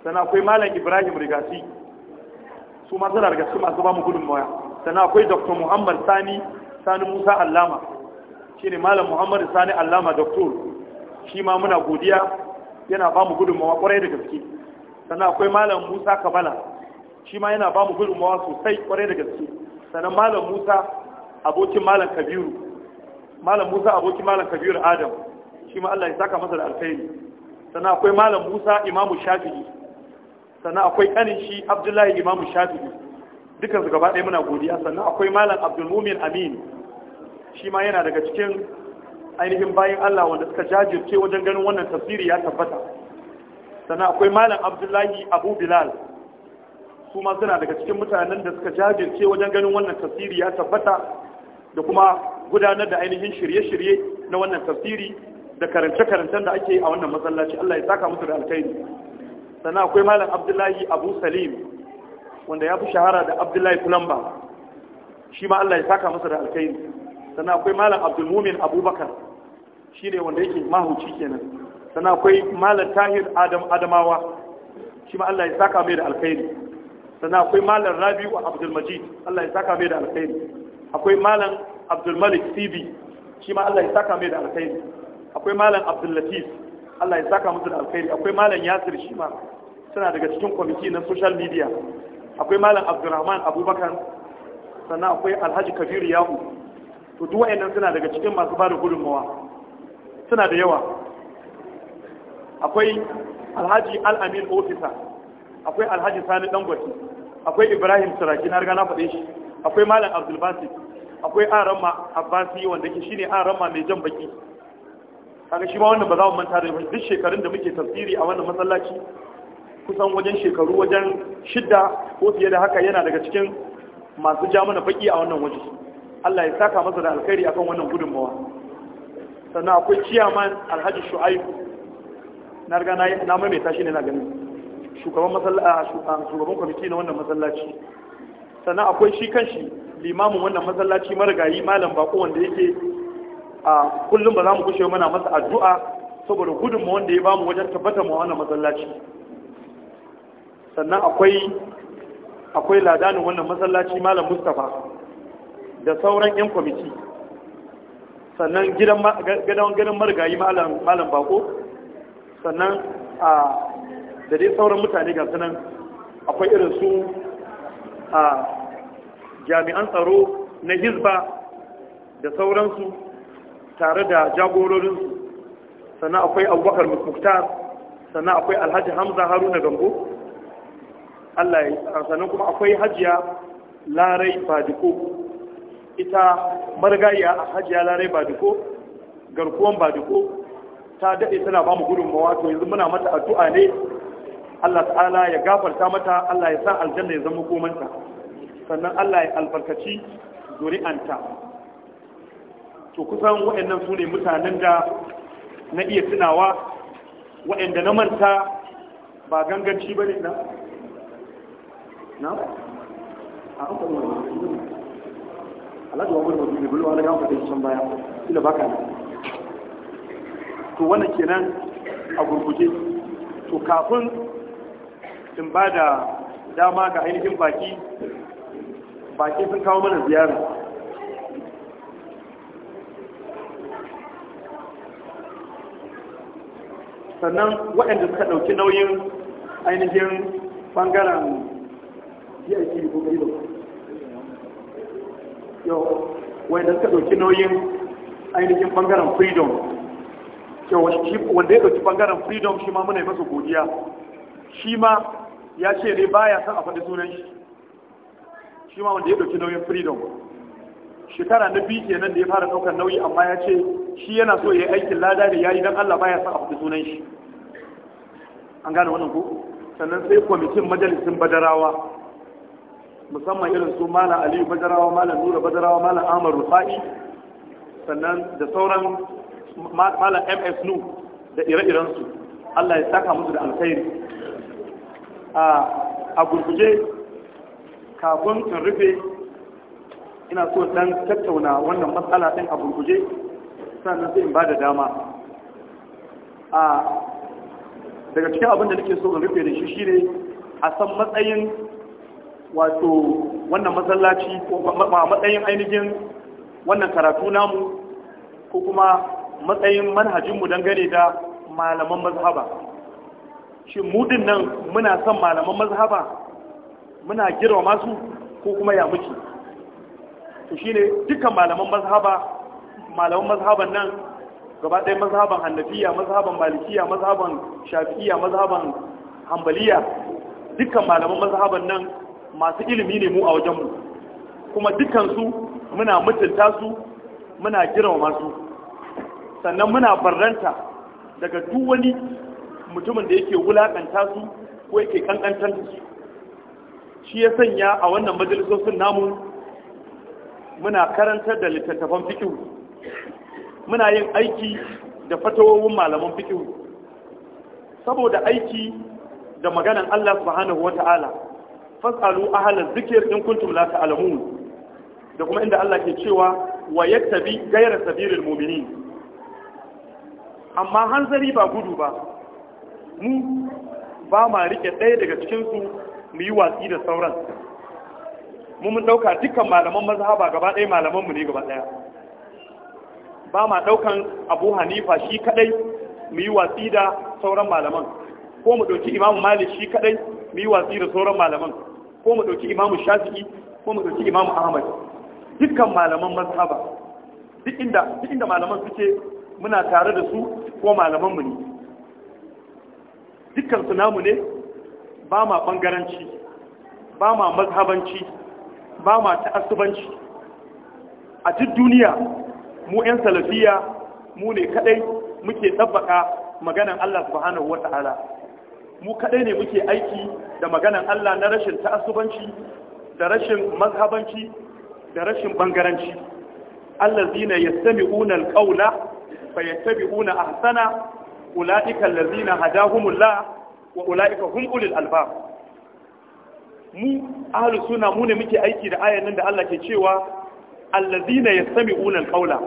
sannan akwai malam Ibrahim Rigasi su ma suna daga cikin masu bamu gudunmawa sannan akwai Dr. Muhammad Sani Sani Musa Allama ne malam Muhammad Sani Allama Dr. shi ma muna godiya yana bamu gudunmawa kwarai da gaske sannan akwai malam Musa Kabala shi ma yana bamu gudunmawa sosai kwarai da gaske sannan malam musa abokin malam kabiru malam musa abokin malam kabiru adam shi ma Allah ya saka masa da alkhairi sannan akwai malam musa imamu shafi'i sannan akwai kanin shi abdullahi imamu shafi'i su gaba ɗaya muna godiya sannan akwai malam Abdul mumin amin shi ma yana daga cikin ainihin bayan Allah wanda suka jajirce wajen ganin wannan tafsiri ya tabbata sannan akwai malam abdullahi abu bilal su ma suna daga cikin mutanen da suka jajirce wajen ganin wannan tafsiri ya tabbata da kuma gudanar da ainihin shirye-shirye na wannan tafsiri da karance-karancen da ake a wannan masallaci Allah ya saka musu da alkhairi sannan akwai malam Abdullahi Abu Salim wanda ya fi shahara da Abdullahi Fulamba shi ma Allah ya saka musu da alkhairi sannan akwai malam Abdulmumin Abubakar shi ne wanda yake mahuci kenan sannan akwai malam Tahir Adam Adamawa shi ma Allah ya saka mai da alkhairi sannan akwai malam rabiu abdulmajid allah ya saka mai da alkhairi akwai malam abdulmalik cb shi ma allah ya saka mai da alkhairi akwai malam abdullatif allah ya saka musu da alkhairi akwai malam yasir shi ma suna daga cikin kwamiti na social media akwai malam abdulrahman abubakar sannan akwai alhaji kabiru yahu to duk wa'annan suna daga cikin masu ba da gudunmawa suna da yawa akwai alhaji al'amin ofisa akwai alhaji sani dangote akwai ibrahim saraki na riga na faɗe shi akwai malam abdulbasi akwai arama abbasi wanda ke shine arama mai jan baki kaga shi ma wannan ba za mu manta da duk shekarun da muke tafsiri a wannan masallaci kusan wajen shekaru wajen shidda ko fiye da haka yana daga cikin masu ja mana baki a wannan waje Allah ya saka masa da alkhairi akan wannan gudunmawa sannan akwai ciyaman alhaji shu'aibu na riga na maimaita shi ne na ganin shugaban masallaci shugaban kwamiti na wannan masallaci sannan akwai shi kanshi limamin wannan masallaci marigayi malam bako wanda yake a kullum ba za mu kushe mana masa addu'a saboda gudunmu wanda ya bamu wajen tabbatar mu wannan masallaci sannan akwai akwai ladanin wannan masallaci malam mustapha da sauran 'yan kwamiti sannan gidan gidan marigayi malam bako sannan a da dai sauran mutane ga sunan akwai irin su a jami'an tsaro na hizba da sauransu tare da jagororinsu sannan akwai abubakar mukhtar sannan akwai alhaji hamza haruna gambo allah ya sannan kuma akwai hajiya larai badiko ita marigayya a hajiya larai badiko garkuwan badiko ta daɗe tana ba mu gudunmawa to yanzu muna mata addu'a ne Allah ta'ala ya gafarta mata Allah ya sa aljanna ya zama komanta sannan Allah ya albarkaci zuri'anta to kusan waɗannan su ne mutanen da na iya tunawa waɗanda na manta ba ganganci ba ne na?
na? a an wani ne da can baya ila baka ne to wannan kenan
a gurguje to kafin sun ba da dama ga ainihin baki baki sun kawo mana ziyara sannan waɗanda suka ɗauki nauyin ainihin ɓangaren yanki ko gaido yau waɗanda suka ɗauki nauyin ainihin ɓangaren freedom yau wanda ya ɗauki ɓangaren freedom shi ma muna yi masa godiya shi ma ya ce ne baya son a faɗi sunan shi shi ma wanda ya ɗauki nauyin freedom shekara na biyu ke nan da ya fara ɗaukar nauyi amma ya ce shi yana so ya yi aikin lada da ya yi don Allah baya son a faɗi sunan shi an gane wannan ko sannan sai kwamitin majalisin badarawa musamman irin su malam aliyu badarawa malam nura badarawa malam ahmad rufa'i sannan da sauran malam ms nu da ire-irensu Allah ya saka musu da alkhairi a gurguje kafin in rufe ina so dan tattauna wannan matsala ɗin a gurguje sannan zai in ba da dama a daga cikin abin da nake so in rufe da shi shine a san matsayin wato wannan masallaci ko matsayin ainihin wannan karatu namu ko kuma matsayin manhajinmu dangane da malaman mazhaba ce mudin nan muna son malaman mazhaba muna girma masu? ko kuma ya muke to shine dukkan malaman mazhaba malaman mazhaban nan gaba ɗaya mazhaban hannafiya mazhaban malikiya mazhaban shafi'iya mazhaban hambaliya dukkan malaman mazhaban nan masu ilimi ne mu a wajenmu kuma dukkansu muna mutunta su muna girma masu? sannan muna barranta daga duk wani mutumin da yake wulaƙanta su ko yake kankantar su shi ya sanya a wannan majalisosin namun. muna karantar da littattafan fikihu muna yin aiki da fatawowin malaman fikihu saboda aiki da maganan Allah subhanahu wata'ala fasalu ahlaz zikir in kuntum la ta'lamun da kuma inda Allah ke cewa wa yattabi ghayra sabilil mu'minin amma hanzari ba gudu ba mu ba ma rike ɗaya daga cikinsu mu yi watsi da sauran mu mun ɗauka dukkan malaman mazhaba gaba ɗaya malamanmu ne gaba ɗaya ba ma ɗaukan abu hanifa shi kaɗai mu yi watsi da sauran malaman ko mu ɗauki imamu malik shi kaɗai mu yi watsi da sauran malaman ko mu ɗauki imamu shafi'i ko mu ɗauki imamu ahmad dukkan malaman mazhaba duk inda malaman suke muna tare da su ko malamanmu ne dukkan namu ne ba ma bangaranci ba ma mazhabanci ba ma ta'assubanci a duk duniya mu 'yan salafiya mu ne kadai muke tabbaka maganan Allah subhanahu wata'ala mu kadai ne muke aiki da maganan Allah na rashin ta'assubanci da rashin mazhabanci da rashin bangaranci allazina yastami'una alqawla fayattabi'una ahsana ula'ika allazina hadahumullah wa ula'ika hum ulul albab mu ahlu sunna mu ne muke aiki da ayan nan da Allah ke cewa allazina yastami'una alqawla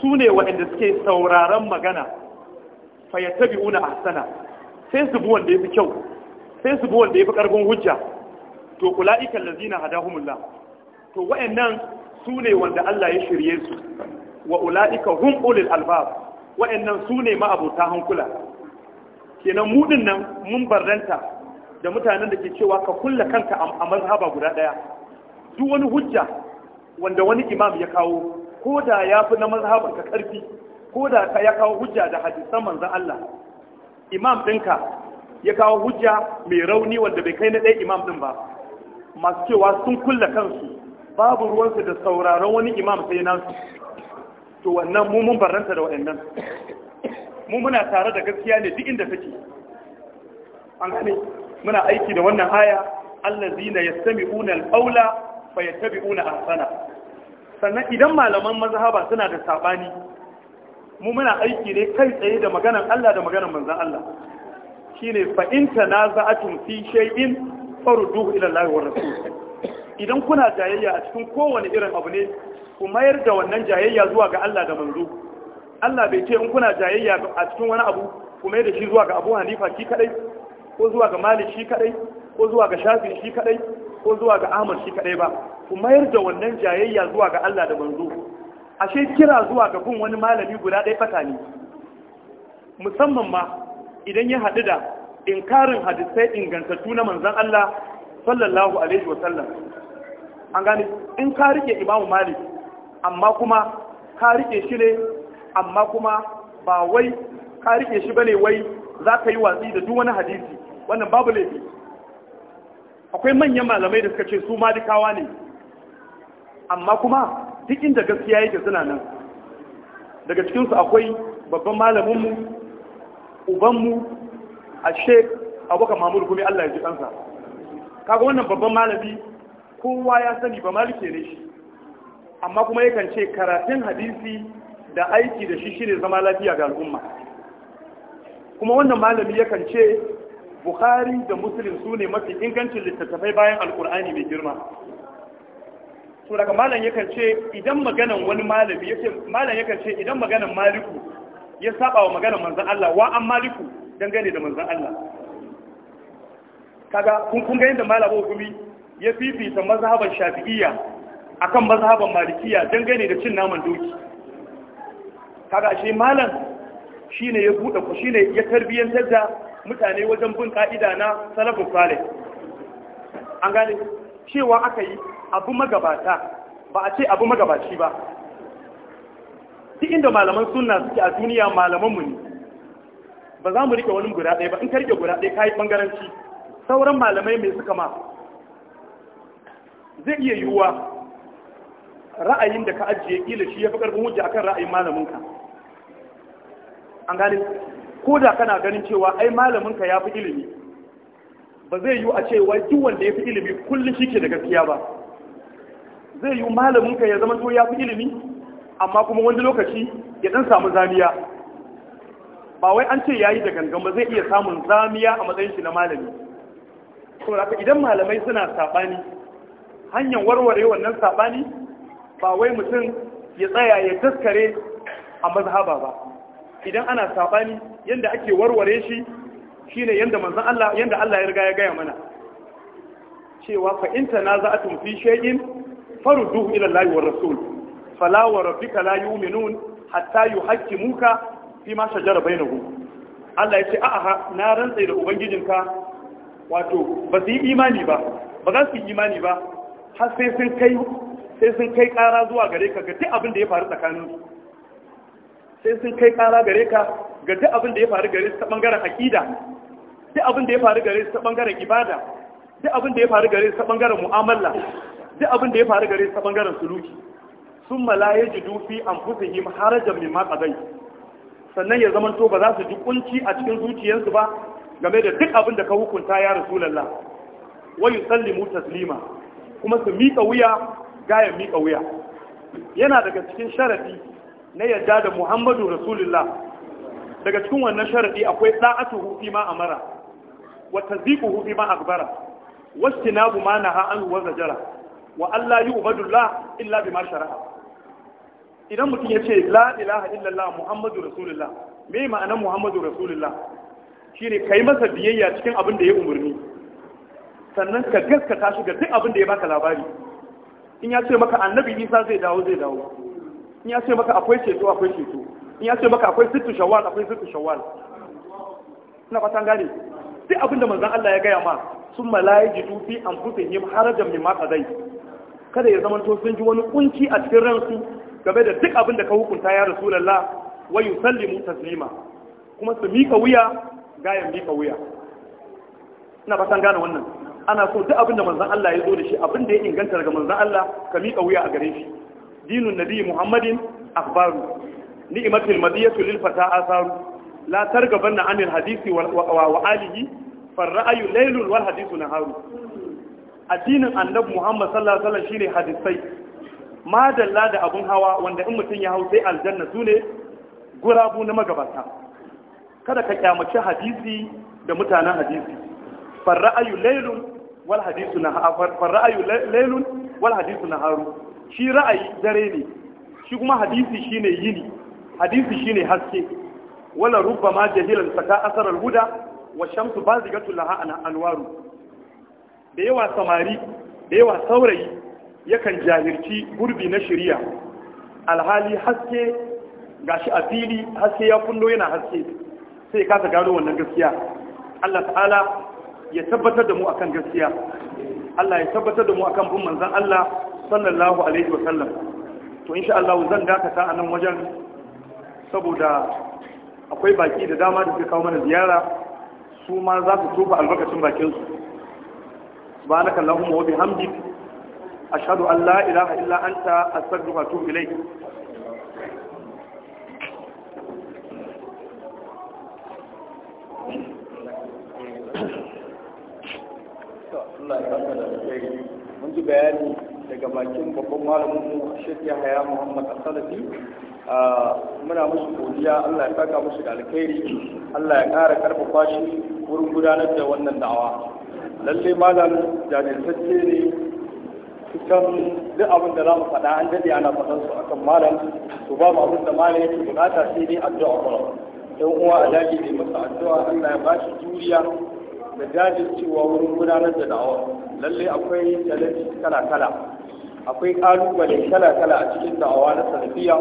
su ne waɗanda suke sauraron magana fa ya yattabi'una ahsana sai su bi wanda fi kyau sai su bi wanda fi ƙarfin hujja to ula'ika allazina hadahumullah to wayannan su ne wanda Allah ya shirye su wa ula'ika hum ulul albab waɗannan su ne ma'abota hankula kenan mudin nan mun barranta da mutanen da ke cewa ka kulla kanka a mazhaba guda ɗaya duk wani hujja wanda wani imam ya kawo ko da ya fi na mazhaban ka ƙarfi ko da ka ya kawo hujja da hadisan manza Allah imam ɗinka ya kawo hujja mai rauni wanda bai kai na ɗaya imam ɗin ba masu cewa sun kulla kansu babu ruwansu da sauraron wani imam sai nasu to wannan mu mun barranta da waɗannan mu muna tare da gaskiya ne duk inda take an gane muna aiki da wannan haya allazina yastami'una al-qawla fayattabi'una ahsana sannan idan malaman mazhaba suna da sabani mu muna aiki ne kai tsaye da maganan Allah da maganan manzon Allah shine fa in tanaza'atum fi shay'in farduhu ila Allah wa rasul idan kuna jayayya a cikin kowane irin abu ne ku mayar da wannan jayayya zuwa ga Allah da manzo Allah bai ce in kuna jayayya a cikin wani abu ku mayar da shi zuwa ga Abu Hanifa shi kadai ko zuwa ga Malik shi kadai ko zuwa ga Shafi shi kadai ko zuwa ga Ahmad shi kadai ba ku mayar da wannan jayayya zuwa ga Allah da manzo ashe kira zuwa ga bin wani malami guda ɗaya fata ne musamman ma idan ya haɗu da inkarin hadisai ingantattu na manzon Allah sallallahu alaihi wasallam an gane in ka rike imamu malik amma kuma ka rike shi ne amma kuma ba wai ka rike shi bane wai za ka yi watsi da duk wani hadisi wannan babu laifi akwai manyan malamai da suka ce su dikawa ne amma kuma duk inda gaskiya yake suna nan daga cikinsu akwai babban malaminmu ubanmu a sheik abokan mamuru kuma allah ya ji kansa kaga wannan babban malami kowa ya sani ba malike ne shi amma kuma yakan ce karatun hadisi da aiki da shi shine zama lafiya ga al'umma kuma wannan malami yakan ce bukhari da muslim su ne mafi ingancin littattafai bayan alkur'ani mai girma su daga malam yakan ce idan maganan wani malami malam yakan ce idan maganan maliku ya saba wa maganan manzan Allah wa an maliku dangane da manzan Allah kaga kun kun ga yadda malabo gumi ya fifita mazhaban shafi'iyya a akan mazhaban malikiya don gani da cin naman doki kaga shi malam shine ya buɗe ku Shi ne ya tarbiyyantar da mutane wajen bin ƙa'ida na salafin Fale. an gane cewa aka yi abu magabata ba a ce abu magabaci ba duk inda malaman suna suke a duniya malamanmu ne ba za mu rike wani guda ɗaya ba in ka rike guda ɗaya ka ɓangaranci sauran malamai mai suka ma zai iya yiwuwa ra'ayin da ka ajiye kila shi ya fi karfin hujja akan ra'ayin malaminka an gane ko da kana ganin cewa ai malaminka ya fi ilimi ba zai yi a cewa duk wanda ya fi ilimi kullum shi ke da gaskiya ba zai yi malaminka ya zama to ya fi ilimi amma kuma wani lokaci ya dan samu zamiya ba wai an ce ya yi da gangan ba zai iya samun zamiya a matsayin shi na malami saboda idan malamai suna saɓani hanyar warware wannan saɓani ba wai mutum ya tsaya ya taskare a mazhaba ba idan ana sabani yanda ake warware shi shine yanda manzon Allah yanda Allah ya riga ya gaya mana cewa fa in tanaza'atum fi shay'in farudduhu ila Allah wa rasul fala wa rabbika la yu'minun hatta yuhaqqimuka fi ma shajara bainahum Allah ya ce a'a na rantsa da ubangijinka wato ba su yi imani ba ba za su yi imani ba har sai sun kai sai sun kai kara zuwa gare ka ga duk abin da ya faru tsakanin su sai sun kai kara gare ka ga duk abin da ya faru gare su ta bangaren aqida duk abin da ya faru gare su ta bangaren ibada duk abin da ya faru gare su ta bangaren mu'amala duk abin da ya faru gare su ta bangaren suluki sun malaye jidu fi anfusihim harajan mimma qadai sannan ya zamanto ba za su ji kunci a cikin zuciyarsu ba game da duk abin da ka hukunta ya rasulullah wa yusallimu taslima kuma su miƙa wuya gayan miƙa wuya yana daga cikin sharadi na yadda da muhammadu rasulullah daga cikin wannan sharadi akwai da'atuhu fi ma amara wata ziku hufi ma akbara wastinabu ma naha an wa zajara wa Allah yi yu'badullah illa bima shara'a idan mutum ya ce la ilaha illallah muhammadu rasulullah me ma'anar muhammadu rasulullah ka yi masa biyayya cikin abin da ya umarni sannan ka gaskata shi ga duk abin da ya baka labari in ya ce maka annabi isa zai dawo zai dawo in ya ce maka akwai ceto akwai ceto in ya ce maka akwai sittu shawal akwai sittu shawal ina fatan gane sai abinda manzon Allah ya gaya ma sun malaiji tufi an fusa yin harajan mai maka zai kada ya zamanto sun ji wani kunci a cikin ransu game da duk abin da ka hukunta ya rasulullah wa yusallimu taslima kuma su mika wuya gayan mika wuya ina fatan gane wannan ana so duk abin da manzon Allah ya zo da shi abin da ya inganta daga manzan Allah ka miƙa wuya a gare shi dinun nabi muhammadin akhbaru ni'matul madiyatu lil fata asaru la targabanna anil hadisi wa wa alihi farra'ayu laylul wal hadisu naharu addinin annabi muhammad sallallahu alaihi wasallam shine hadisai madalla da abun hawa wanda in mutum ya hau sai aljanna sune gurabu na magabata kada ka kyamaci hadisi da mutanen hadisi farra'ayu laylun wal hadisu na far ra'ayu laylun wal hadisu shi ra'ayi dare ne shi kuma hadisi shine yini hadisi shine haske wala ma jahilan saka asarar huda wa shamsu bazigatu laha ana alwaru da yawa samari da yawa saurayi yakan jahirci gurbi na shirya alhali haske gashi a fili haske ya kullo yana haske sai ka ta gano wannan gaskiya Allah ta'ala ya tabbatar da mu akan gaskiya Allah ya tabbatar da mu akan bin manzon Allah sallallahu alaihi wa sallam to insha Allah zan dakata a nan wajen saboda akwai baki da dama da suka kawo mana ziyara su ma za su tofa albarkacin bakin su subhanaka allahumma wa bihamdik ashhadu an la ilaha illa anta astaghfiruka wa atubu ilayk
Thank you. Allah ya da
kai mun ji bayani daga bakin babban malamin mu Sheikh Yahaya Muhammad salafi ah, muna musu godiya Allah ya saka musu da alkhairi Allah ya ƙara karfafa shi wurin gudanar da wannan da'awa lalle malam sace ne kusan duk abin da za faɗa an daɗe ana faɗan su akan malam to ba mu abin da malam yake bukata sai dai addu'a kuma yan uwa a daji ne masa addu'a Allah ya bashi juriya da jajircewa wurin gudanar da da'awa lalle akwai challenge kala-kala akwai kalubale kala-kala a cikin da'awa na salafiya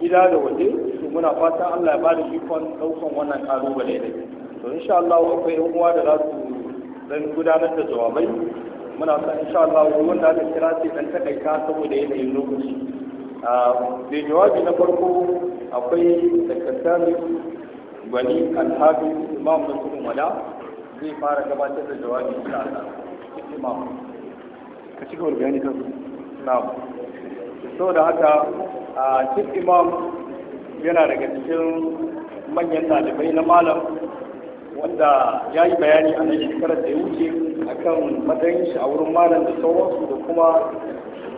gida da waje su muna fata Allah ya bada ikon daukan wannan kalubale ne to insha Allah akwai yan uwa da za su dan gudanar da jawabai muna sa insha Allah wanda aka kira sai dan takaita saboda yanayin lokaci da jawabi na farko akwai da kasani gwani alhafi imam kuma wada zai fara gabatar da jawabi da imam ka ci gaba da bayani kan na'am saboda haka a cikin imam yana daga cikin manyan ɗalibai na malam wanda ya yi bayani a cikin shekarar da ya wuce akan matsayin shi a wurin malam da sauransu da kuma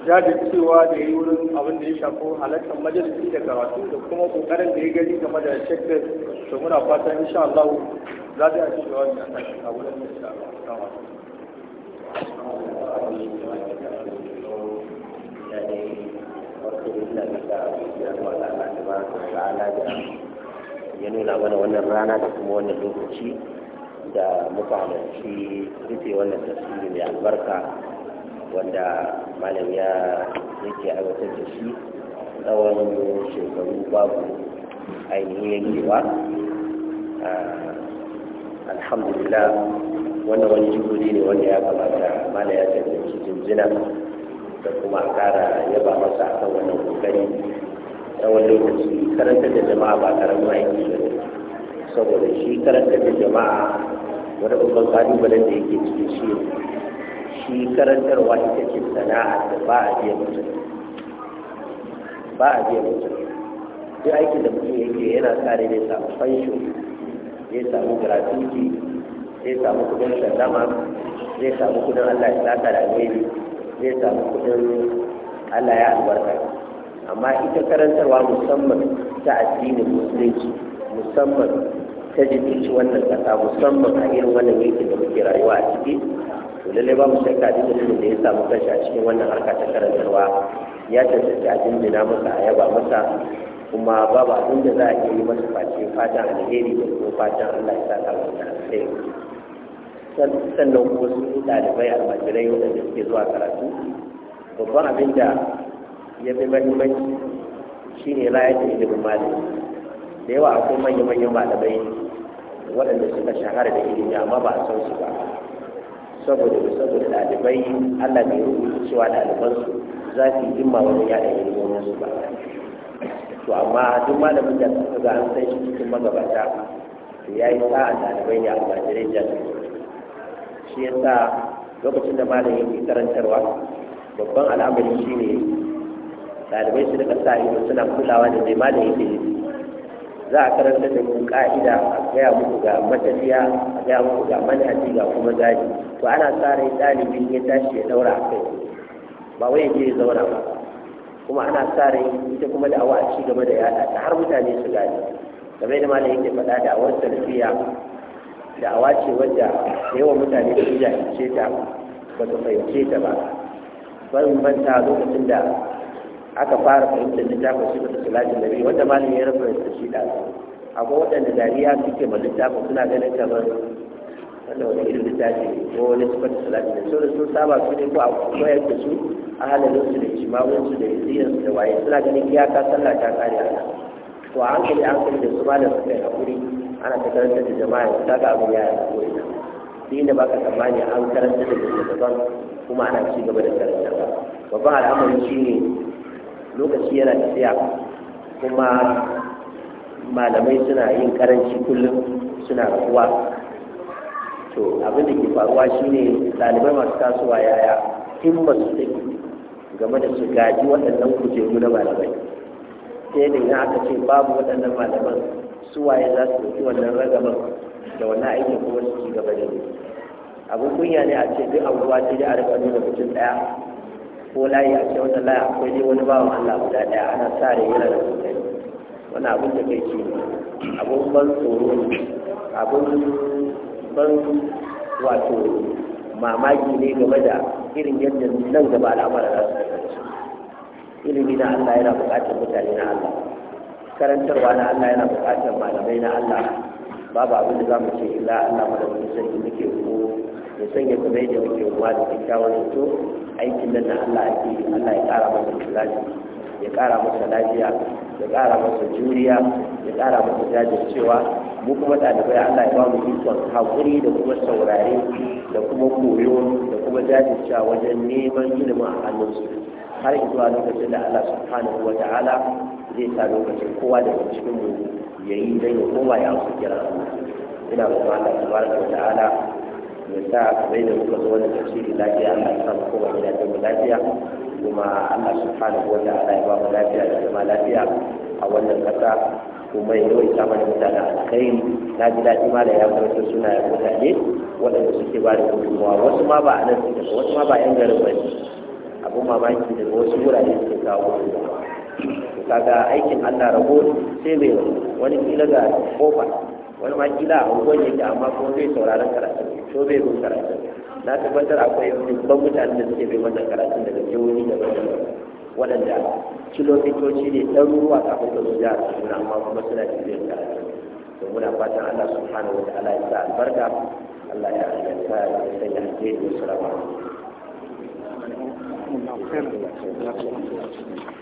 jajircewa da ya yi wurin abin da ya shafi halartar majalisi da karatu da kuma kokarin da ya gani game da shekar to muna fatan insha Allah
za ta yi cewa ne a wurin da ta kama ya nuna mana wannan rana da kuma wannan lokaci da muka halarci rufe wannan tasiri mai albarka wanda malam ya yake aiwatar da shi tsawon shekaru babu ainihin yankewa ah, alhamdulillah wannan wani jihuri ne wanda ya kamata mana ya cancanci jinjina da kuma kara ya ba masa a kan wannan kokari tsawon lokaci karantar da jama'a ba karamin aiki ba ne saboda shi karantar da jama'a wani babban kalubalen da yake ciki shi shi karantarwa ita ce sana'a da ba a biya mutum ba a biya mutum duk aikin da mutum yake yana tsare ne samu fansho zai samu gratuity zai samu kudin sallama zai samu kudin Allah ya saka da alheri zai samu kudin Allah ya albarka amma ita karantarwa musamman ta addinin musulunci musamman ta jikinci wannan kasa musamman a irin wannan yankin da muke rayuwa a ciki to lallai babu shakka duk mutumin da ya samu kanshi a cikin wannan harka ta karantarwa ya tantance a jinjina masa a yaba masa kuma babu abin da za a iya yi masa face fatan alheri da kuma fatan Allah ya saka da alheri sannan kuma su ɗalibai almajirai waɗanda suke zuwa karatu babban abin da ya fi mahimmanci shine rayar da ilimin malami da yawa akwai manya-manyan malamai waɗanda suka shahara da ilimi amma ba a san su ba saboda saboda dalibai Allah bai rubuta cewa dalibansu za su yi himma wani yaɗa ilimin su ba to amma duk malamin da suka ga an san shi cikin magabata to ya yi sa'a ɗalibai ne a bajirai da shi ya sa lokacin da malam yake karantarwa babban al'amari shi ne ɗalibai su daga sa ido suna kulawa da mai malam yake za a karanta da mun ka'ida a gaya muku ga matafiya a gaya muku ga manhaji ga kuma gadi to ana sa rai ɗalibin ya tashi ya daura a kai ba wai ya je ya zauna ba kuma ana sa rai ita kuma da'awa a ci gaba da yada ta har mutane su gane game da malam yake faɗa da'awar da da'awa ce wadda da yawan mutane sun jahilce ta ba su fahimce ta ba barin manta lokacin da aka fara fahimtar littafin shi da salatin nabi wanda malam ya rubuta shi da akwai waɗanda dariya suke ma littafin suna ganin kamar wanda wani irin littafi ko wani sifar da salati da sauran sun saba su ne ko a koyar da su a halalin su da imamin su da isiyar su da waye suna ganin iyaka sallah ta kare a nan to a hankali hankali da su ma da su kai hakuri ana ta karanta da jama'a ta ga abu ya yi ko ina duk inda baka tsammani an karanta da littattafan kuma ana ci gaba da karanta ba. babban al'amari ne lokaci yana tafiya kuma malamai suna yin karanci kullum suna rabuwa to abin da ke faruwa shine ɗalibai masu tasowa yaya himma su take game da su gaji waɗannan kujeru na malamai sai da ina aka ce babu waɗannan malaman su waye za su ɗauki wannan ragaman da wannan aikin kuma su ci gaba da ne abin kunya ne a ce duk abubuwa ce da a rika nuna mutum ɗaya ko layi a ce wata layi akwai dai wani bawan Allah guda ɗaya ana sa rai yana da sosai wani abin da kai ce ne abin ban tsoro ne abin ban wato mamaki ne game da irin yadda nan gaba al'amara za su kasance ilimi na Allah yana bukatar mutane na Allah karantarwa na Allah yana buƙatar malamai na Allah babu abin da za mu ce illa Allah madaukakin sarki muke ko ya sanya kuma yadda muke kuma da kyakkyawan mutum, aikin nan na Allah ake Allah ya ƙara masa kulashi ya ƙara masa lafiya ya ƙara masa juriya ya ƙara masa jajircewa mu kuma ɗalibai Allah ya ba mu ikon haƙuri da kuma saurare da kuma koyo da kuma jajircewa wajen neman ilimin a hannunsu har zuwa lokacin da Allah subhanahu wa ta'ala zai sa lokacin kowa daga cikin mu ya yi don ya koma ya amsa kira ina roƙon Allah subhanahu wa ta'ala ya sa kamar da muka zo wannan tafsiri lafiya Allah ya sa mu koma gida da lafiya kuma Allah subhanahu wa ta'ala ya ba mu lafiya da zama lafiya a wannan kasa kuma ya yawaita mana mutane alkhairi na ji daɗi ma da ya karanta sunayen mutane waɗanda suke ba da gudunmawa wasu ma ba a nan suke ba wasu ma ba yan garin ba ne abin mamaki daga wasu wurare suke kawo gudunmawa kaga aikin Allah rago sai bai wani kila ga kofa wani ma kila a unguwan yake amma ko zai sauraron karatu ko zai zo karatu na tabbatar akwai dubban mutanen da suke bai wannan karatun daga jihohi da waɗanda kilomitoci ne ɗaruruwa kafin ka zo jihar suna amma kuma suna zai karatu to muna fatan Allah subhanahu wa ta'ala ya sa albarka Allah ya albarka ya sanya alheri wa salama